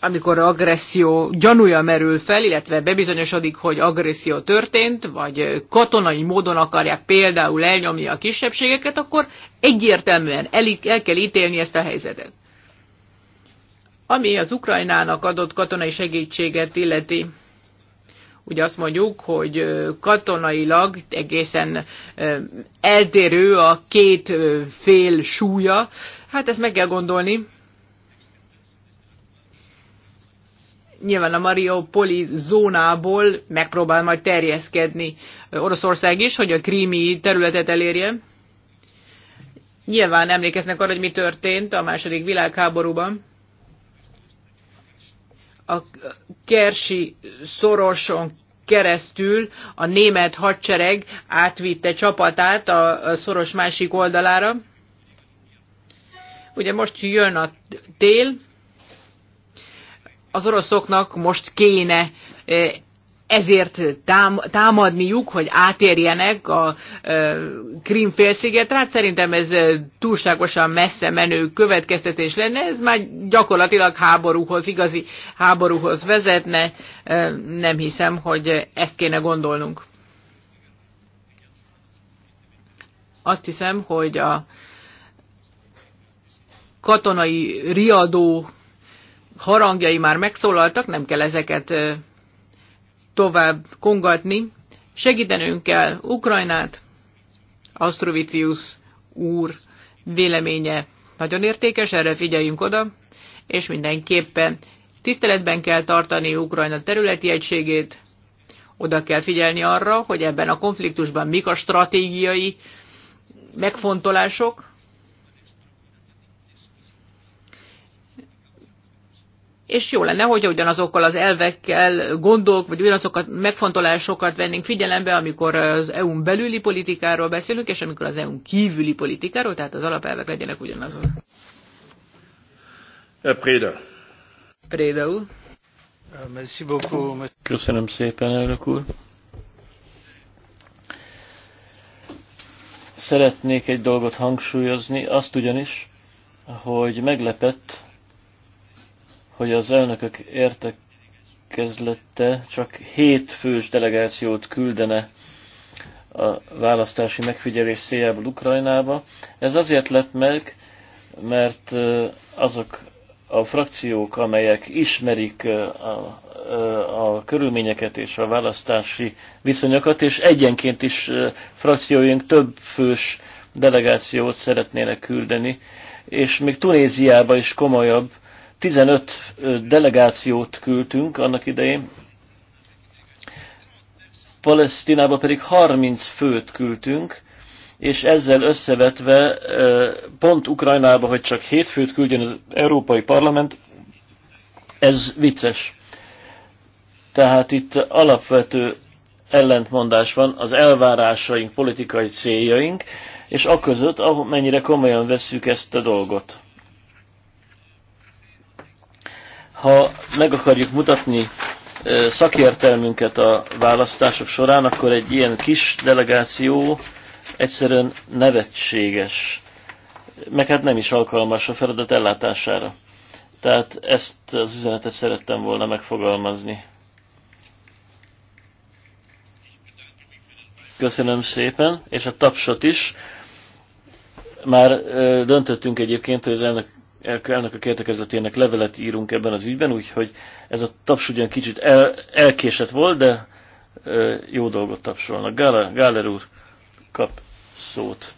amikor agresszió gyanúja merül fel, illetve bebizonyosodik, hogy agresszió történt, vagy katonai módon akarják például elnyomni a kisebbségeket, akkor egyértelműen el, el kell ítélni ezt a helyzetet. Ami az Ukrajnának adott katonai segítséget illeti, ugye azt mondjuk, hogy katonailag egészen eltérő a két fél súlya. Hát ezt meg kell gondolni. Nyilván a Mariupoli zónából megpróbál majd terjeszkedni Oroszország is, hogy a krími területet elérje. Nyilván emlékeznek arra, hogy mi történt a második világháborúban a kersi szoroson keresztül a német hadsereg átvitte csapatát a szoros másik oldalára. Ugye most jön a tél, az oroszoknak most kéne eh, ezért támadniuk, hogy átérjenek a Krim félszigetre. Hát szerintem ez túlságosan messze menő következtetés lenne, ez már gyakorlatilag háborúhoz, igazi háborúhoz vezetne. Nem hiszem, hogy ezt kéne gondolnunk. Azt hiszem, hogy a katonai riadó harangjai már megszólaltak, nem kell ezeket tovább kongatni. Segítenünk kell Ukrajnát, Astrovitius úr véleménye nagyon értékes, erre figyeljünk oda, és mindenképpen tiszteletben kell tartani Ukrajna területi egységét, oda kell figyelni arra, hogy ebben a konfliktusban mik a stratégiai megfontolások, és jó lenne, hogy ugyanazokkal az elvekkel gondolk, vagy ugyanazokat megfontolásokat vennénk figyelembe, amikor az EU-n belüli politikáról beszélünk, és amikor az EU-n kívüli politikáról, tehát az alapelvek legyenek ugyanazok. Eh, Préda. Préda úr. Köszönöm szépen, elnök úr. Szeretnék egy dolgot hangsúlyozni, azt ugyanis, hogy meglepett, hogy az elnökök értekezlette csak hét fős delegációt küldene a választási megfigyelés széljából Ukrajnába. Ez azért lett meg, mert azok a frakciók, amelyek ismerik a, a, a körülményeket és a választási viszonyokat, és egyenként is frakcióink több fős delegációt szeretnének küldeni, és még Tunéziába is komolyabb 15 delegációt küldtünk annak idején, Palesztinába pedig 30 főt küldtünk, és ezzel összevetve pont Ukrajnába, hogy csak 7 főt küldjön az Európai Parlament, ez vicces. Tehát itt alapvető ellentmondás van az elvárásaink, politikai céljaink, és aközött, mennyire komolyan vesszük ezt a dolgot. Ha meg akarjuk mutatni szakértelmünket a választások során, akkor egy ilyen kis delegáció egyszerűen nevetséges, meg hát nem is alkalmas a feladat ellátására. Tehát ezt az üzenetet szerettem volna megfogalmazni. Köszönöm szépen, és a tapsot is. Már döntöttünk egyébként, hogy az elnök elnök a kértekezletének levelet írunk ebben az ügyben, úgyhogy ez a taps ugyan kicsit el, elkésett volt, de ö, jó dolgot tapsolnak. Gáler, Gáler úr kap szót.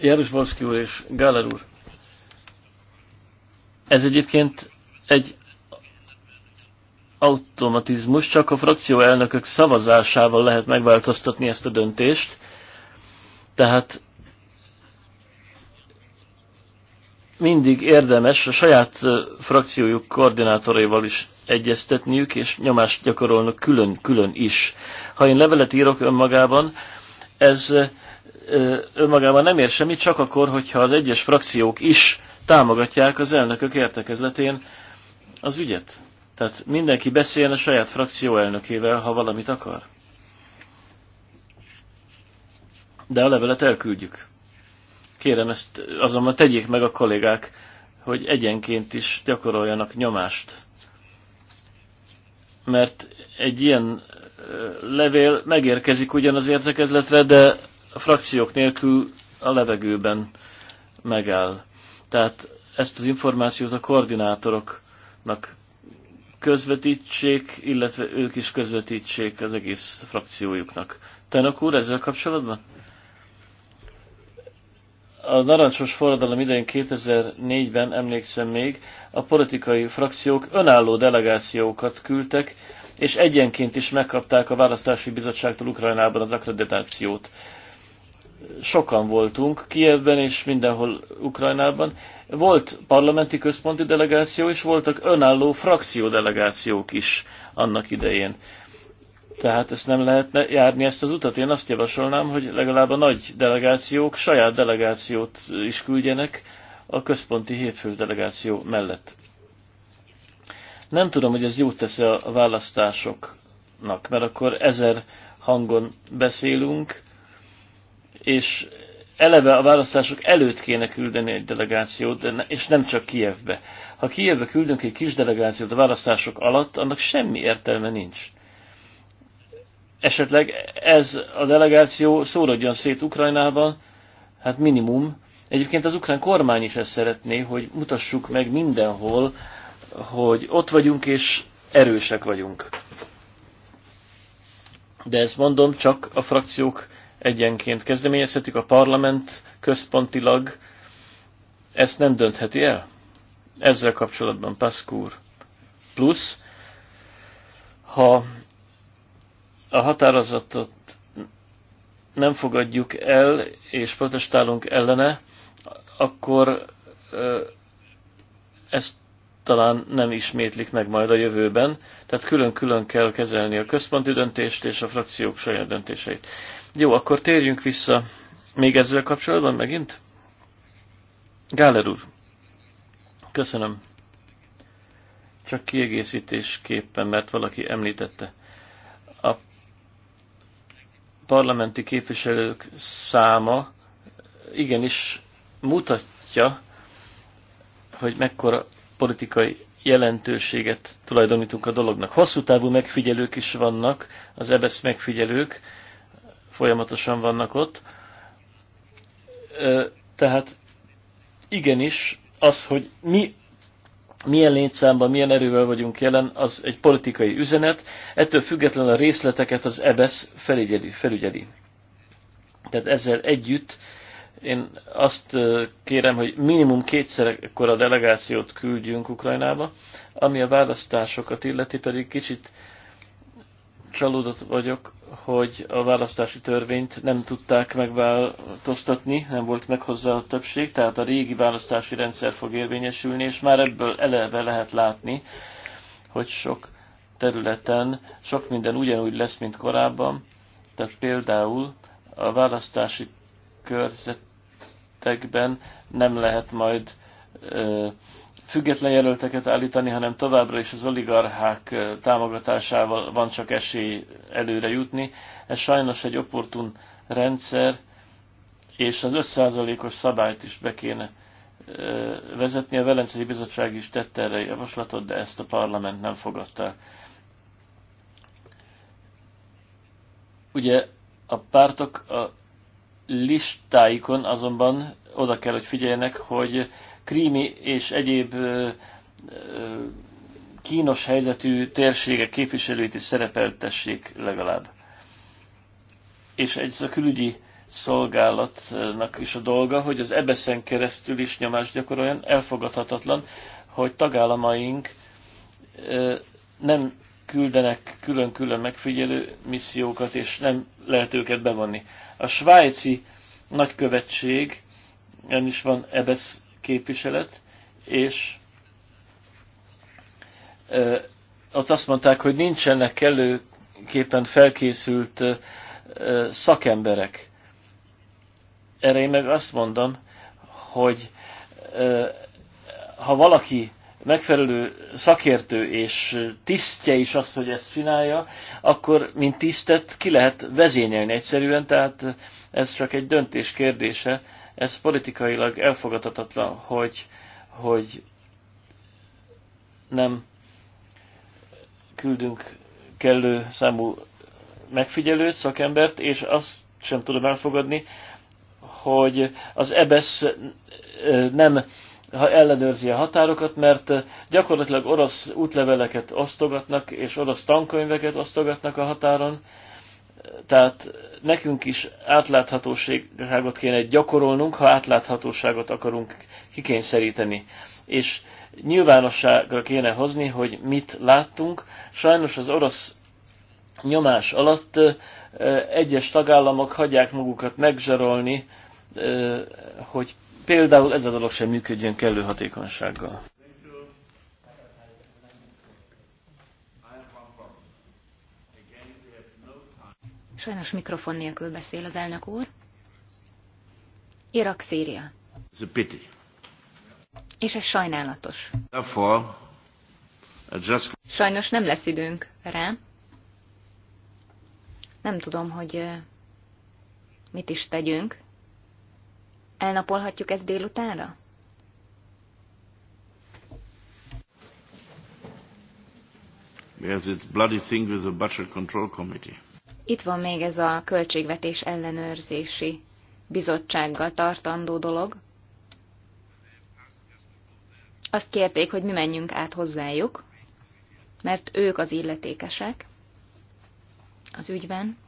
János Valszki úr és Gáler úr, ez egyébként egy automatizmus, csak a frakció elnökök szavazásával lehet megváltoztatni ezt a döntést, tehát mindig érdemes a saját frakciójuk koordinátoraival is egyeztetniük, és nyomást gyakorolnak külön-külön is. Ha én levelet írok önmagában, ez önmagában nem ér semmit, csak akkor, hogyha az egyes frakciók is támogatják az elnökök értekezletén az ügyet. Tehát mindenki beszél a saját frakció elnökével, ha valamit akar. De a levelet elküldjük. Kérem ezt azonban tegyék meg a kollégák, hogy egyenként is gyakoroljanak nyomást. Mert egy ilyen levél megérkezik ugyan az értekezletre, de a frakciók nélkül a levegőben megáll. Tehát ezt az információt a koordinátoroknak közvetítsék, illetve ők is közvetítsék az egész frakciójuknak. Tenok úr, ezzel kapcsolatban? a narancsos forradalom idején 2004-ben, emlékszem még, a politikai frakciók önálló delegációkat küldtek, és egyenként is megkapták a választási bizottságtól Ukrajnában az akkreditációt. Sokan voltunk Kievben és mindenhol Ukrajnában. Volt parlamenti központi delegáció, és voltak önálló frakció delegációk is annak idején. Tehát ezt nem lehetne járni ezt az utat. Én azt javasolnám, hogy legalább a nagy delegációk saját delegációt is küldjenek a központi hétfős delegáció mellett. Nem tudom, hogy ez jót tesz a választásoknak, mert akkor ezer hangon beszélünk, és eleve a választások előtt kéne küldeni egy delegációt, és nem csak Kievbe. Ha Kievbe küldünk egy kis delegációt a választások alatt, annak semmi értelme nincs esetleg ez a delegáció szóradjon szét Ukrajnában, hát minimum. Egyébként az ukrán kormány is ezt szeretné, hogy mutassuk meg mindenhol, hogy ott vagyunk és erősek vagyunk. De ezt mondom, csak a frakciók egyenként kezdeményezhetik, a parlament központilag ezt nem döntheti el. Ezzel kapcsolatban Paszkúr. Plusz, ha a határozatot nem fogadjuk el, és protestálunk ellene, akkor ezt talán nem ismétlik meg majd a jövőben, tehát külön-külön kell kezelni a központi döntést és a frakciók saját döntéseit. Jó, akkor térjünk vissza még ezzel kapcsolatban megint. Gáler úr, köszönöm. Csak kiegészítésképpen, mert valaki említette parlamenti képviselők száma igenis mutatja, hogy mekkora politikai jelentőséget tulajdonítunk a dolognak. Hosszú távú megfigyelők is vannak, az EBSZ e megfigyelők folyamatosan vannak ott. Tehát igenis az, hogy mi milyen létszámban, milyen erővel vagyunk jelen, az egy politikai üzenet, ettől függetlenül a részleteket az EBESZ felügyeli. felügyeli. Tehát ezzel együtt én azt kérem, hogy minimum kétszer a delegációt küldjünk Ukrajnába, ami a választásokat illeti pedig kicsit csalódott vagyok, hogy a választási törvényt nem tudták megváltoztatni, nem volt meg hozzá a többség, tehát a régi választási rendszer fog érvényesülni, és már ebből eleve lehet látni, hogy sok területen sok minden ugyanúgy lesz, mint korábban, tehát például a választási körzetekben nem lehet majd ö, független jelölteket állítani, hanem továbbra is az oligarchák támogatásával van csak esély előre jutni. Ez sajnos egy opportun rendszer, és az 5%-os szabályt is be kéne vezetni. A Velencei Bizottság is tette erre javaslatot, de ezt a parlament nem fogadta. Ugye a pártok a listáikon azonban oda kell, hogy figyeljenek, hogy krími és egyéb kínos helyzetű térségek képviselőit is szerepeltessék legalább. És ez a külügyi szolgálatnak is a dolga, hogy az ebeszen keresztül is nyomást gyakoroljon, elfogadhatatlan, hogy tagállamaink nem küldenek külön-külön megfigyelő missziókat, és nem lehet őket bevonni. A svájci nagykövetség, nem is van EBESZ képviselet, és ott azt mondták, hogy nincsenek előképpen felkészült szakemberek. Erre én meg azt mondom, hogy ha valaki megfelelő szakértő és tisztje is azt, hogy ezt csinálja, akkor mint tisztet ki lehet vezényelni egyszerűen, tehát ez csak egy döntés kérdése, ez politikailag elfogadhatatlan, hogy, hogy nem küldünk kellő számú megfigyelőt, szakembert, és azt sem tudom elfogadni, hogy az EBESZ nem ellenőrzi a határokat, mert gyakorlatilag orosz útleveleket osztogatnak, és orosz tankönyveket osztogatnak a határon, tehát nekünk is átláthatóságot kéne gyakorolnunk, ha átláthatóságot akarunk kikényszeríteni. És nyilvánosságra kéne hozni, hogy mit láttunk. Sajnos az orosz nyomás alatt egyes tagállamok hagyják magukat megzsarolni, hogy például ez a dolog sem működjön kellő hatékonysággal. Sajnos mikrofon nélkül beszél az elnök úr. Irak, Szíria. It's a pity. És ez sajnálatos. Therefore, just... Sajnos nem lesz időnk rá. Nem tudom, hogy mit is tegyünk. Elnapolhatjuk ezt délutánra? Yes, it's bloody thing with the budget control committee. Itt van még ez a költségvetés ellenőrzési bizottsággal tartandó dolog. Azt kérték, hogy mi menjünk át hozzájuk, mert ők az illetékesek az ügyben.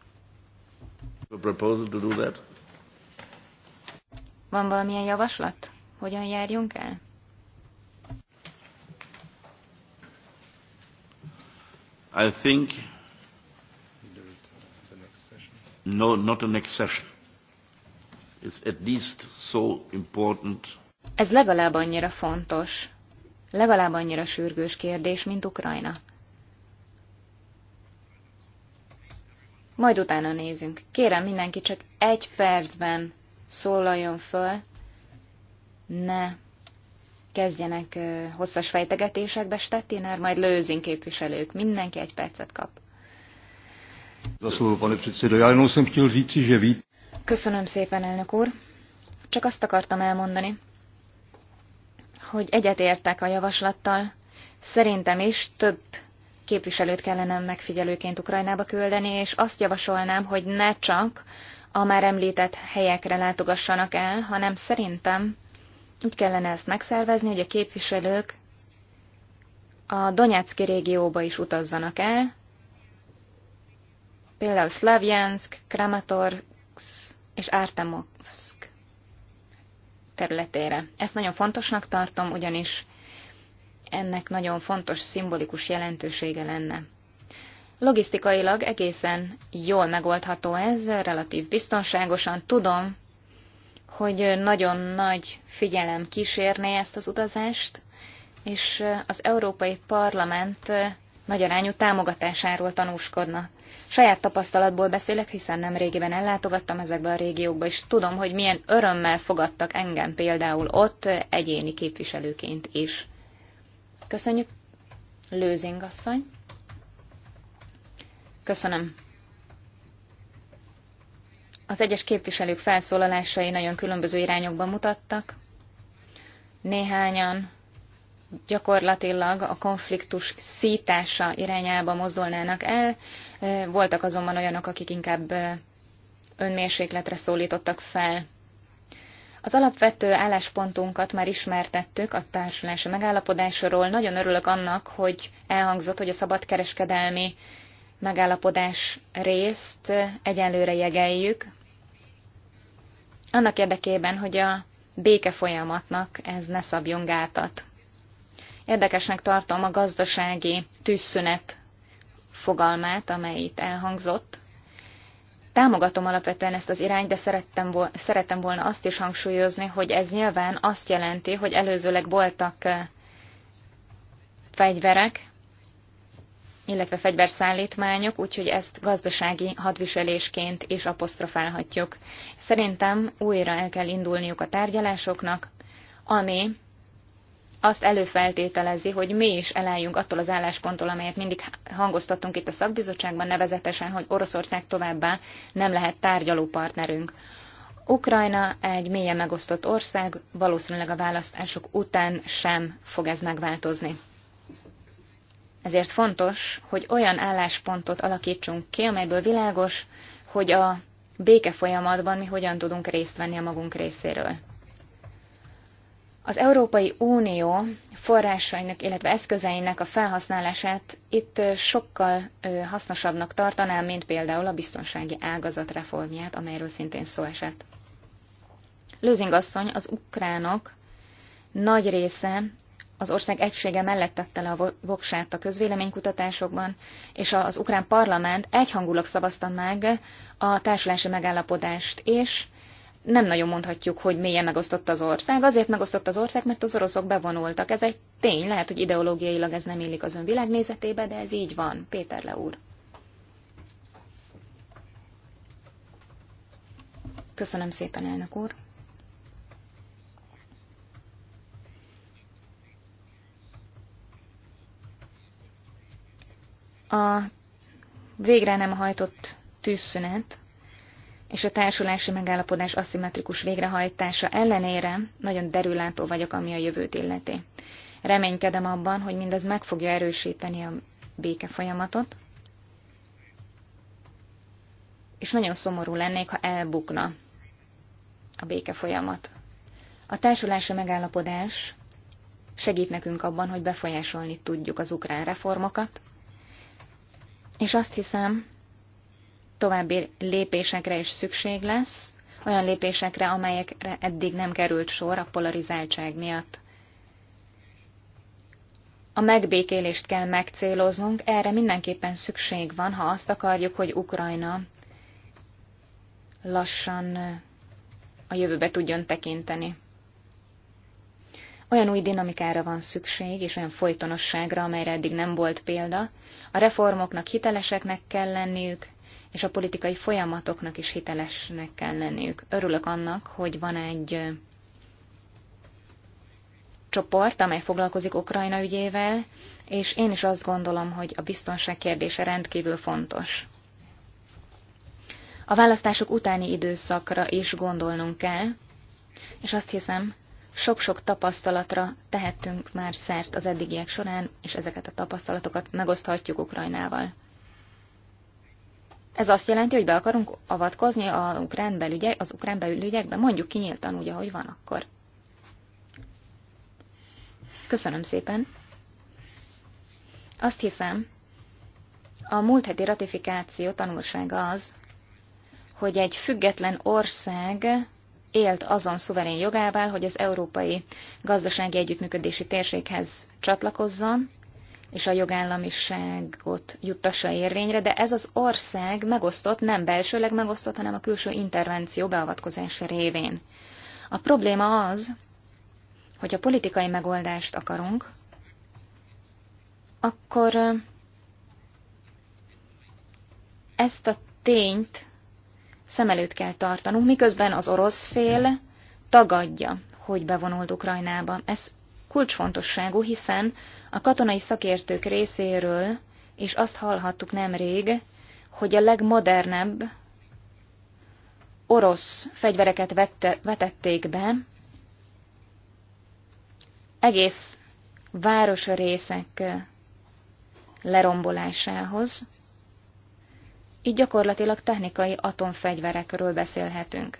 Van valamilyen javaslat? Hogyan járjunk el? I think no, not an accession. It's at least so important. Ez legalább annyira fontos, legalább annyira sürgős kérdés, mint Ukrajna. Majd utána nézünk. Kérem mindenki csak egy percben szólaljon föl, ne kezdjenek hosszas fejtegetésekbe, Stettiner, majd lőzin képviselők. Mindenki egy percet kap. Köszönöm szépen, elnök úr. Csak azt akartam elmondani, hogy egyetértek a javaslattal. Szerintem is több képviselőt kellene megfigyelőként Ukrajnába küldeni, és azt javasolnám, hogy ne csak a már említett helyekre látogassanak el, hanem szerintem úgy kellene ezt megszervezni, hogy a képviselők a Donetszki régióba is utazzanak el, például Slavjansk, Kramatorsk és Artemovsk területére. Ezt nagyon fontosnak tartom, ugyanis ennek nagyon fontos, szimbolikus jelentősége lenne. Logisztikailag egészen jól megoldható ez, relatív biztonságosan. Tudom, hogy nagyon nagy figyelem kísérné ezt az utazást, és az Európai Parlament nagy arányú támogatásáról tanúskodna. Saját tapasztalatból beszélek, hiszen nem régiben ellátogattam ezekbe a régiókba, és tudom, hogy milyen örömmel fogadtak engem például ott egyéni képviselőként is. Köszönjük, Lőzing asszony. Köszönöm. Az egyes képviselők felszólalásai nagyon különböző irányokban mutattak. Néhányan gyakorlatilag a konfliktus szítása irányába mozdulnának el. Voltak azonban olyanok, akik inkább önmérsékletre szólítottak fel. Az alapvető álláspontunkat már ismertettük a társulási megállapodásról. Nagyon örülök annak, hogy elhangzott, hogy a szabadkereskedelmi megállapodás részt egyenlőre jegeljük. Annak érdekében, hogy a béke folyamatnak ez ne szabjon gátat. Érdekesnek tartom a gazdasági tűzszünet fogalmát, amely itt elhangzott. Támogatom alapvetően ezt az irányt, de szerettem, vol- szerettem volna azt is hangsúlyozni, hogy ez nyilván azt jelenti, hogy előzőleg voltak fegyverek, illetve fegyverszállítmányok, úgyhogy ezt gazdasági hadviselésként is apostrofálhatjuk. Szerintem újra el kell indulniuk a tárgyalásoknak, ami azt előfeltételezi, hogy mi is elálljunk attól az állásponttól, amelyet mindig hangoztattunk itt a szakbizottságban, nevezetesen, hogy Oroszország továbbá nem lehet tárgyaló partnerünk. Ukrajna egy mélyen megosztott ország, valószínűleg a választások után sem fog ez megváltozni. Ezért fontos, hogy olyan álláspontot alakítsunk ki, amelyből világos, hogy a béke folyamatban mi hogyan tudunk részt venni a magunk részéről az Európai Unió forrásainak, illetve eszközeinek a felhasználását itt sokkal hasznosabbnak tartanám, mint például a biztonsági ágazat reformját, amelyről szintén szó esett. Lőzing asszony, az ukránok nagy része az ország egysége mellett tette le a voksát a közvéleménykutatásokban, és az ukrán parlament egyhangulag szavazta meg a társulási megállapodást, és nem nagyon mondhatjuk, hogy mélyen megosztott az ország. Azért megosztott az ország, mert az oroszok bevonultak. Ez egy tény, lehet, hogy ideológiailag ez nem illik az ön világnézetébe, de ez így van. Péter Le úr. Köszönöm szépen, elnök úr. A végre nem hajtott tűzszünet és a társulási megállapodás aszimmetrikus végrehajtása ellenére nagyon derülátó vagyok, ami a jövőt illeti. Reménykedem abban, hogy mindez meg fogja erősíteni a béke folyamatot, és nagyon szomorú lennék, ha elbukna a béke folyamat. A társulási megállapodás segít nekünk abban, hogy befolyásolni tudjuk az ukrán reformokat, és azt hiszem, további lépésekre is szükség lesz, olyan lépésekre, amelyekre eddig nem került sor a polarizáltság miatt. A megbékélést kell megcéloznunk, erre mindenképpen szükség van, ha azt akarjuk, hogy Ukrajna lassan a jövőbe tudjon tekinteni. Olyan új dinamikára van szükség, és olyan folytonosságra, amelyre eddig nem volt példa. A reformoknak hiteleseknek kell lenniük, és a politikai folyamatoknak is hitelesnek kell lenniük. Örülök annak, hogy van egy csoport, amely foglalkozik Ukrajna ügyével, és én is azt gondolom, hogy a biztonság kérdése rendkívül fontos. A választások utáni időszakra is gondolnunk kell, és azt hiszem, sok-sok tapasztalatra tehettünk már szert az eddigiek során, és ezeket a tapasztalatokat megoszthatjuk Ukrajnával. Ez azt jelenti, hogy be akarunk avatkozni az ukrán, belügye, az ukrán belügyekbe, mondjuk kinyíltan úgy, ahogy van akkor. Köszönöm szépen. Azt hiszem, a múlt heti ratifikáció tanulsága az, hogy egy független ország élt azon szuverén jogával, hogy az európai gazdasági együttműködési térséghez csatlakozzon, és a jogállamiságot juttassa érvényre, de ez az ország megosztott, nem belsőleg megosztott, hanem a külső intervenció beavatkozása révén. A probléma az, hogy a politikai megoldást akarunk, akkor ezt a tényt szem előtt kell tartanunk, miközben az orosz fél tagadja, hogy bevonult Ukrajnába. Ez kulcsfontosságú, hiszen a katonai szakértők részéről és azt hallhattuk nemrég, hogy a legmodernebb orosz fegyvereket vette, vetették be, egész város részek eh, lerombolásához, így gyakorlatilag technikai atomfegyverekről beszélhetünk.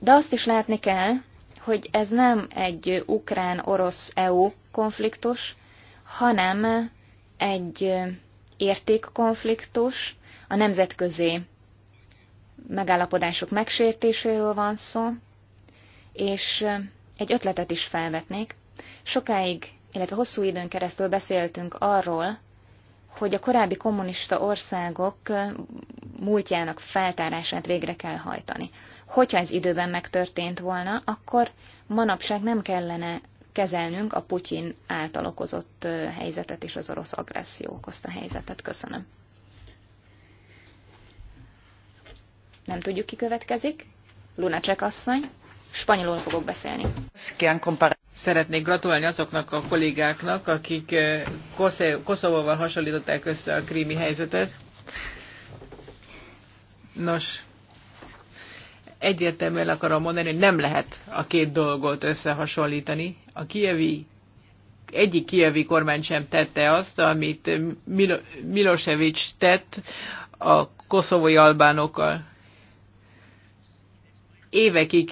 De azt is látni kell, hogy ez nem egy ukrán-orosz EU konfliktus, hanem egy értékkonfliktus, a nemzetközi megállapodások megsértéséről van szó, és egy ötletet is felvetnék. Sokáig, illetve hosszú időn keresztül beszéltünk arról, hogy a korábbi kommunista országok múltjának feltárását végre kell hajtani. Hogyha ez időben megtörtént volna, akkor manapság nem kellene kezelnünk a Putyin által okozott helyzetet és az orosz agresszió okozta helyzetet. Köszönöm. Nem tudjuk, ki következik. Lunacek asszony. Spanyolul fogok beszélni. Szeretnék gratulálni azoknak a kollégáknak, akik Koszovóval hasonlították össze a krími helyzetet. Nos, egyértelműen akarom mondani, hogy nem lehet a két dolgot összehasonlítani. A kievi, egyik kievi kormány sem tette azt, amit Milo, Milosevic tett a koszovói albánokkal. Évekig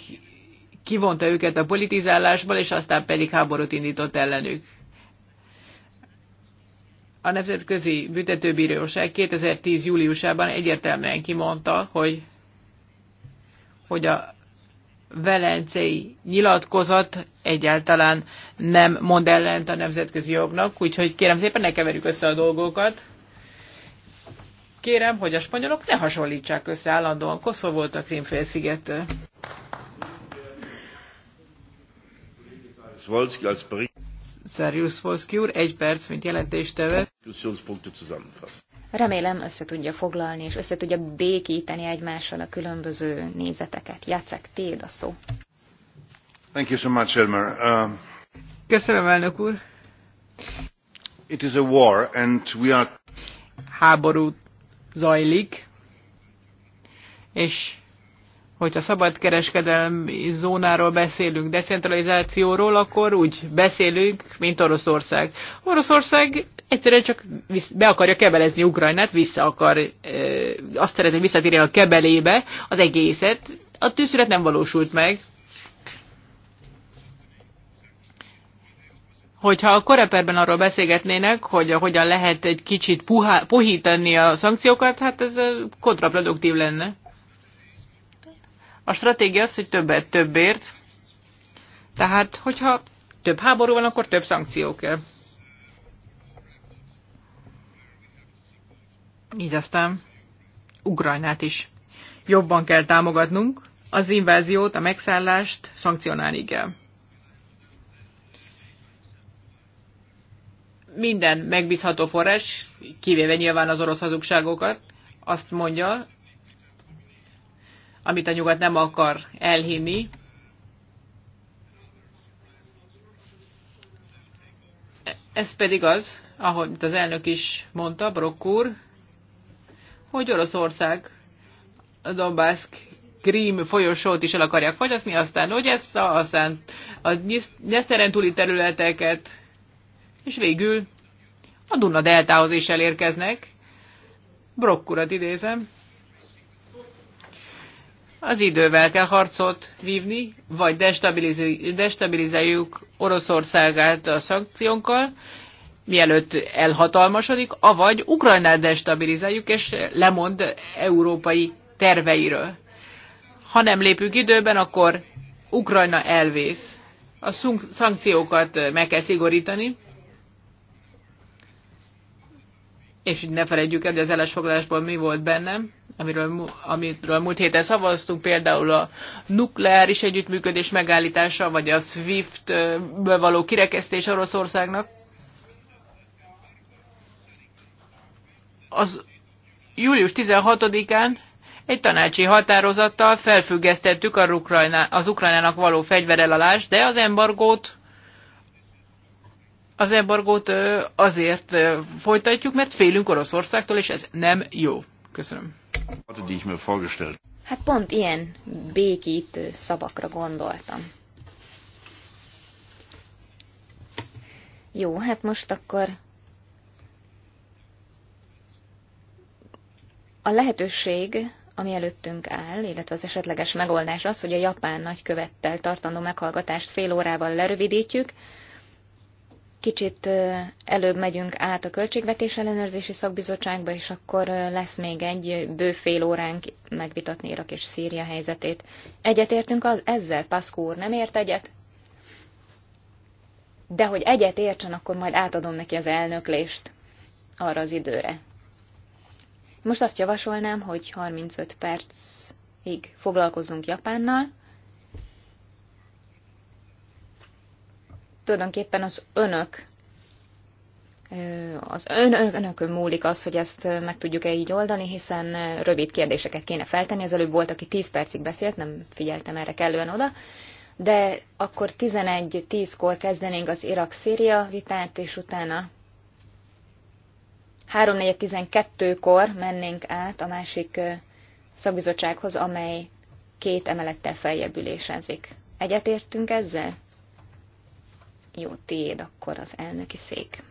kivonta őket a politizálásból, és aztán pedig háborút indított ellenük. A Nemzetközi Büntetőbíróság 2010. júliusában egyértelműen kimondta, hogy hogy a velencei nyilatkozat egyáltalán nem mond ellent a nemzetközi jognak, úgyhogy kérem szépen ne keverjük össze a dolgokat. Kérem, hogy a spanyolok ne hasonlítsák össze állandóan Koszovót a Krimfélszigettől. Szerjusz Volszki úr, egy perc, mint jelentéstevő. Remélem össze tudja foglalni, és össze tudja békíteni egymással a különböző nézeteket. Jacek, téd a szó. Thank you so much, Elmer. Uh, Köszönöm, elnök úr. It is a war, and we are... Háború zajlik, és hogyha szabadkereskedelmi zónáról beszélünk, decentralizációról, akkor úgy beszélünk, mint Oroszország. Oroszország egyszerűen csak be akarja kebelezni Ukrajnát, vissza akar, azt szeretné visszatérni a kebelébe az egészet. A tűzszület nem valósult meg. Hogyha a koreperben arról beszélgetnének, hogy hogyan lehet egy kicsit puhá, puhítani a szankciókat, hát ez kontraproduktív lenne. A stratégia az, hogy többet többért. Tehát, hogyha több háború van, akkor több szankció kell. Így aztán Ukrajnát is jobban kell támogatnunk, az inváziót, a megszállást szankcionálni kell. Minden megbízható forrás, kivéve nyilván az orosz hazugságokat, azt mondja, amit a nyugat nem akar elhinni, ez pedig az, ahogy az elnök is mondta, Brokkúr, hogy Oroszország a Donbass Krím folyosót is el akarják fogyasztani, aztán Ogyessa, aztán a Nyeszteren túli területeket, és végül a Duna deltához is elérkeznek. Brokkurat idézem. Az idővel kell harcot vívni, vagy destabilizáljuk Oroszországát a szankciónkkal, mielőtt elhatalmasodik, avagy Ukrajnát destabilizáljuk, és lemond európai terveiről. Ha nem lépünk időben, akkor Ukrajna elvész. A szankciókat meg kell szigorítani, és így ne felejtjük el, hogy az ellensfoglalásból mi volt bennem, amiről, amiről múlt héten szavaztunk, például a nukleáris együttműködés megállítása, vagy a SWIFT-ből való kirekesztés Oroszországnak. az július 16-án egy tanácsi határozattal felfüggesztettük az Ukrajnának való fegyverelalást, de az embargót az embargót azért folytatjuk, mert félünk Oroszországtól, és ez nem jó. Köszönöm. Hát pont ilyen békítő szavakra gondoltam. Jó, hát most akkor A lehetőség, ami előttünk áll, illetve az esetleges megoldás az, hogy a japán nagykövettel tartandó meghallgatást fél órával lerövidítjük, kicsit előbb megyünk át a Költségvetés ellenőrzési szakbizottságba, és akkor lesz még egy bő fél óránk megvitatni Irak és Szíria helyzetét. Egyetértünk az, ezzel, Paszkó úr nem ért egyet? De hogy egyet értsen, akkor majd átadom neki az elnöklést arra az időre. Most azt javasolnám, hogy 35 percig foglalkozzunk Japánnal. Tulajdonképpen az önök az ön, önökön múlik az, hogy ezt meg tudjuk-e így oldani, hiszen rövid kérdéseket kéne feltenni. Az előbb volt, aki 10 percig beszélt, nem figyeltem erre kellően oda, de akkor 11-10-kor kezdenénk az Irak-Szíria vitát, és utána 3412 kor mennénk át a másik szakbizottsághoz, amely két emelettel feljebb ülésezik. Egyetértünk ezzel? Jó, tiéd akkor az elnöki szék.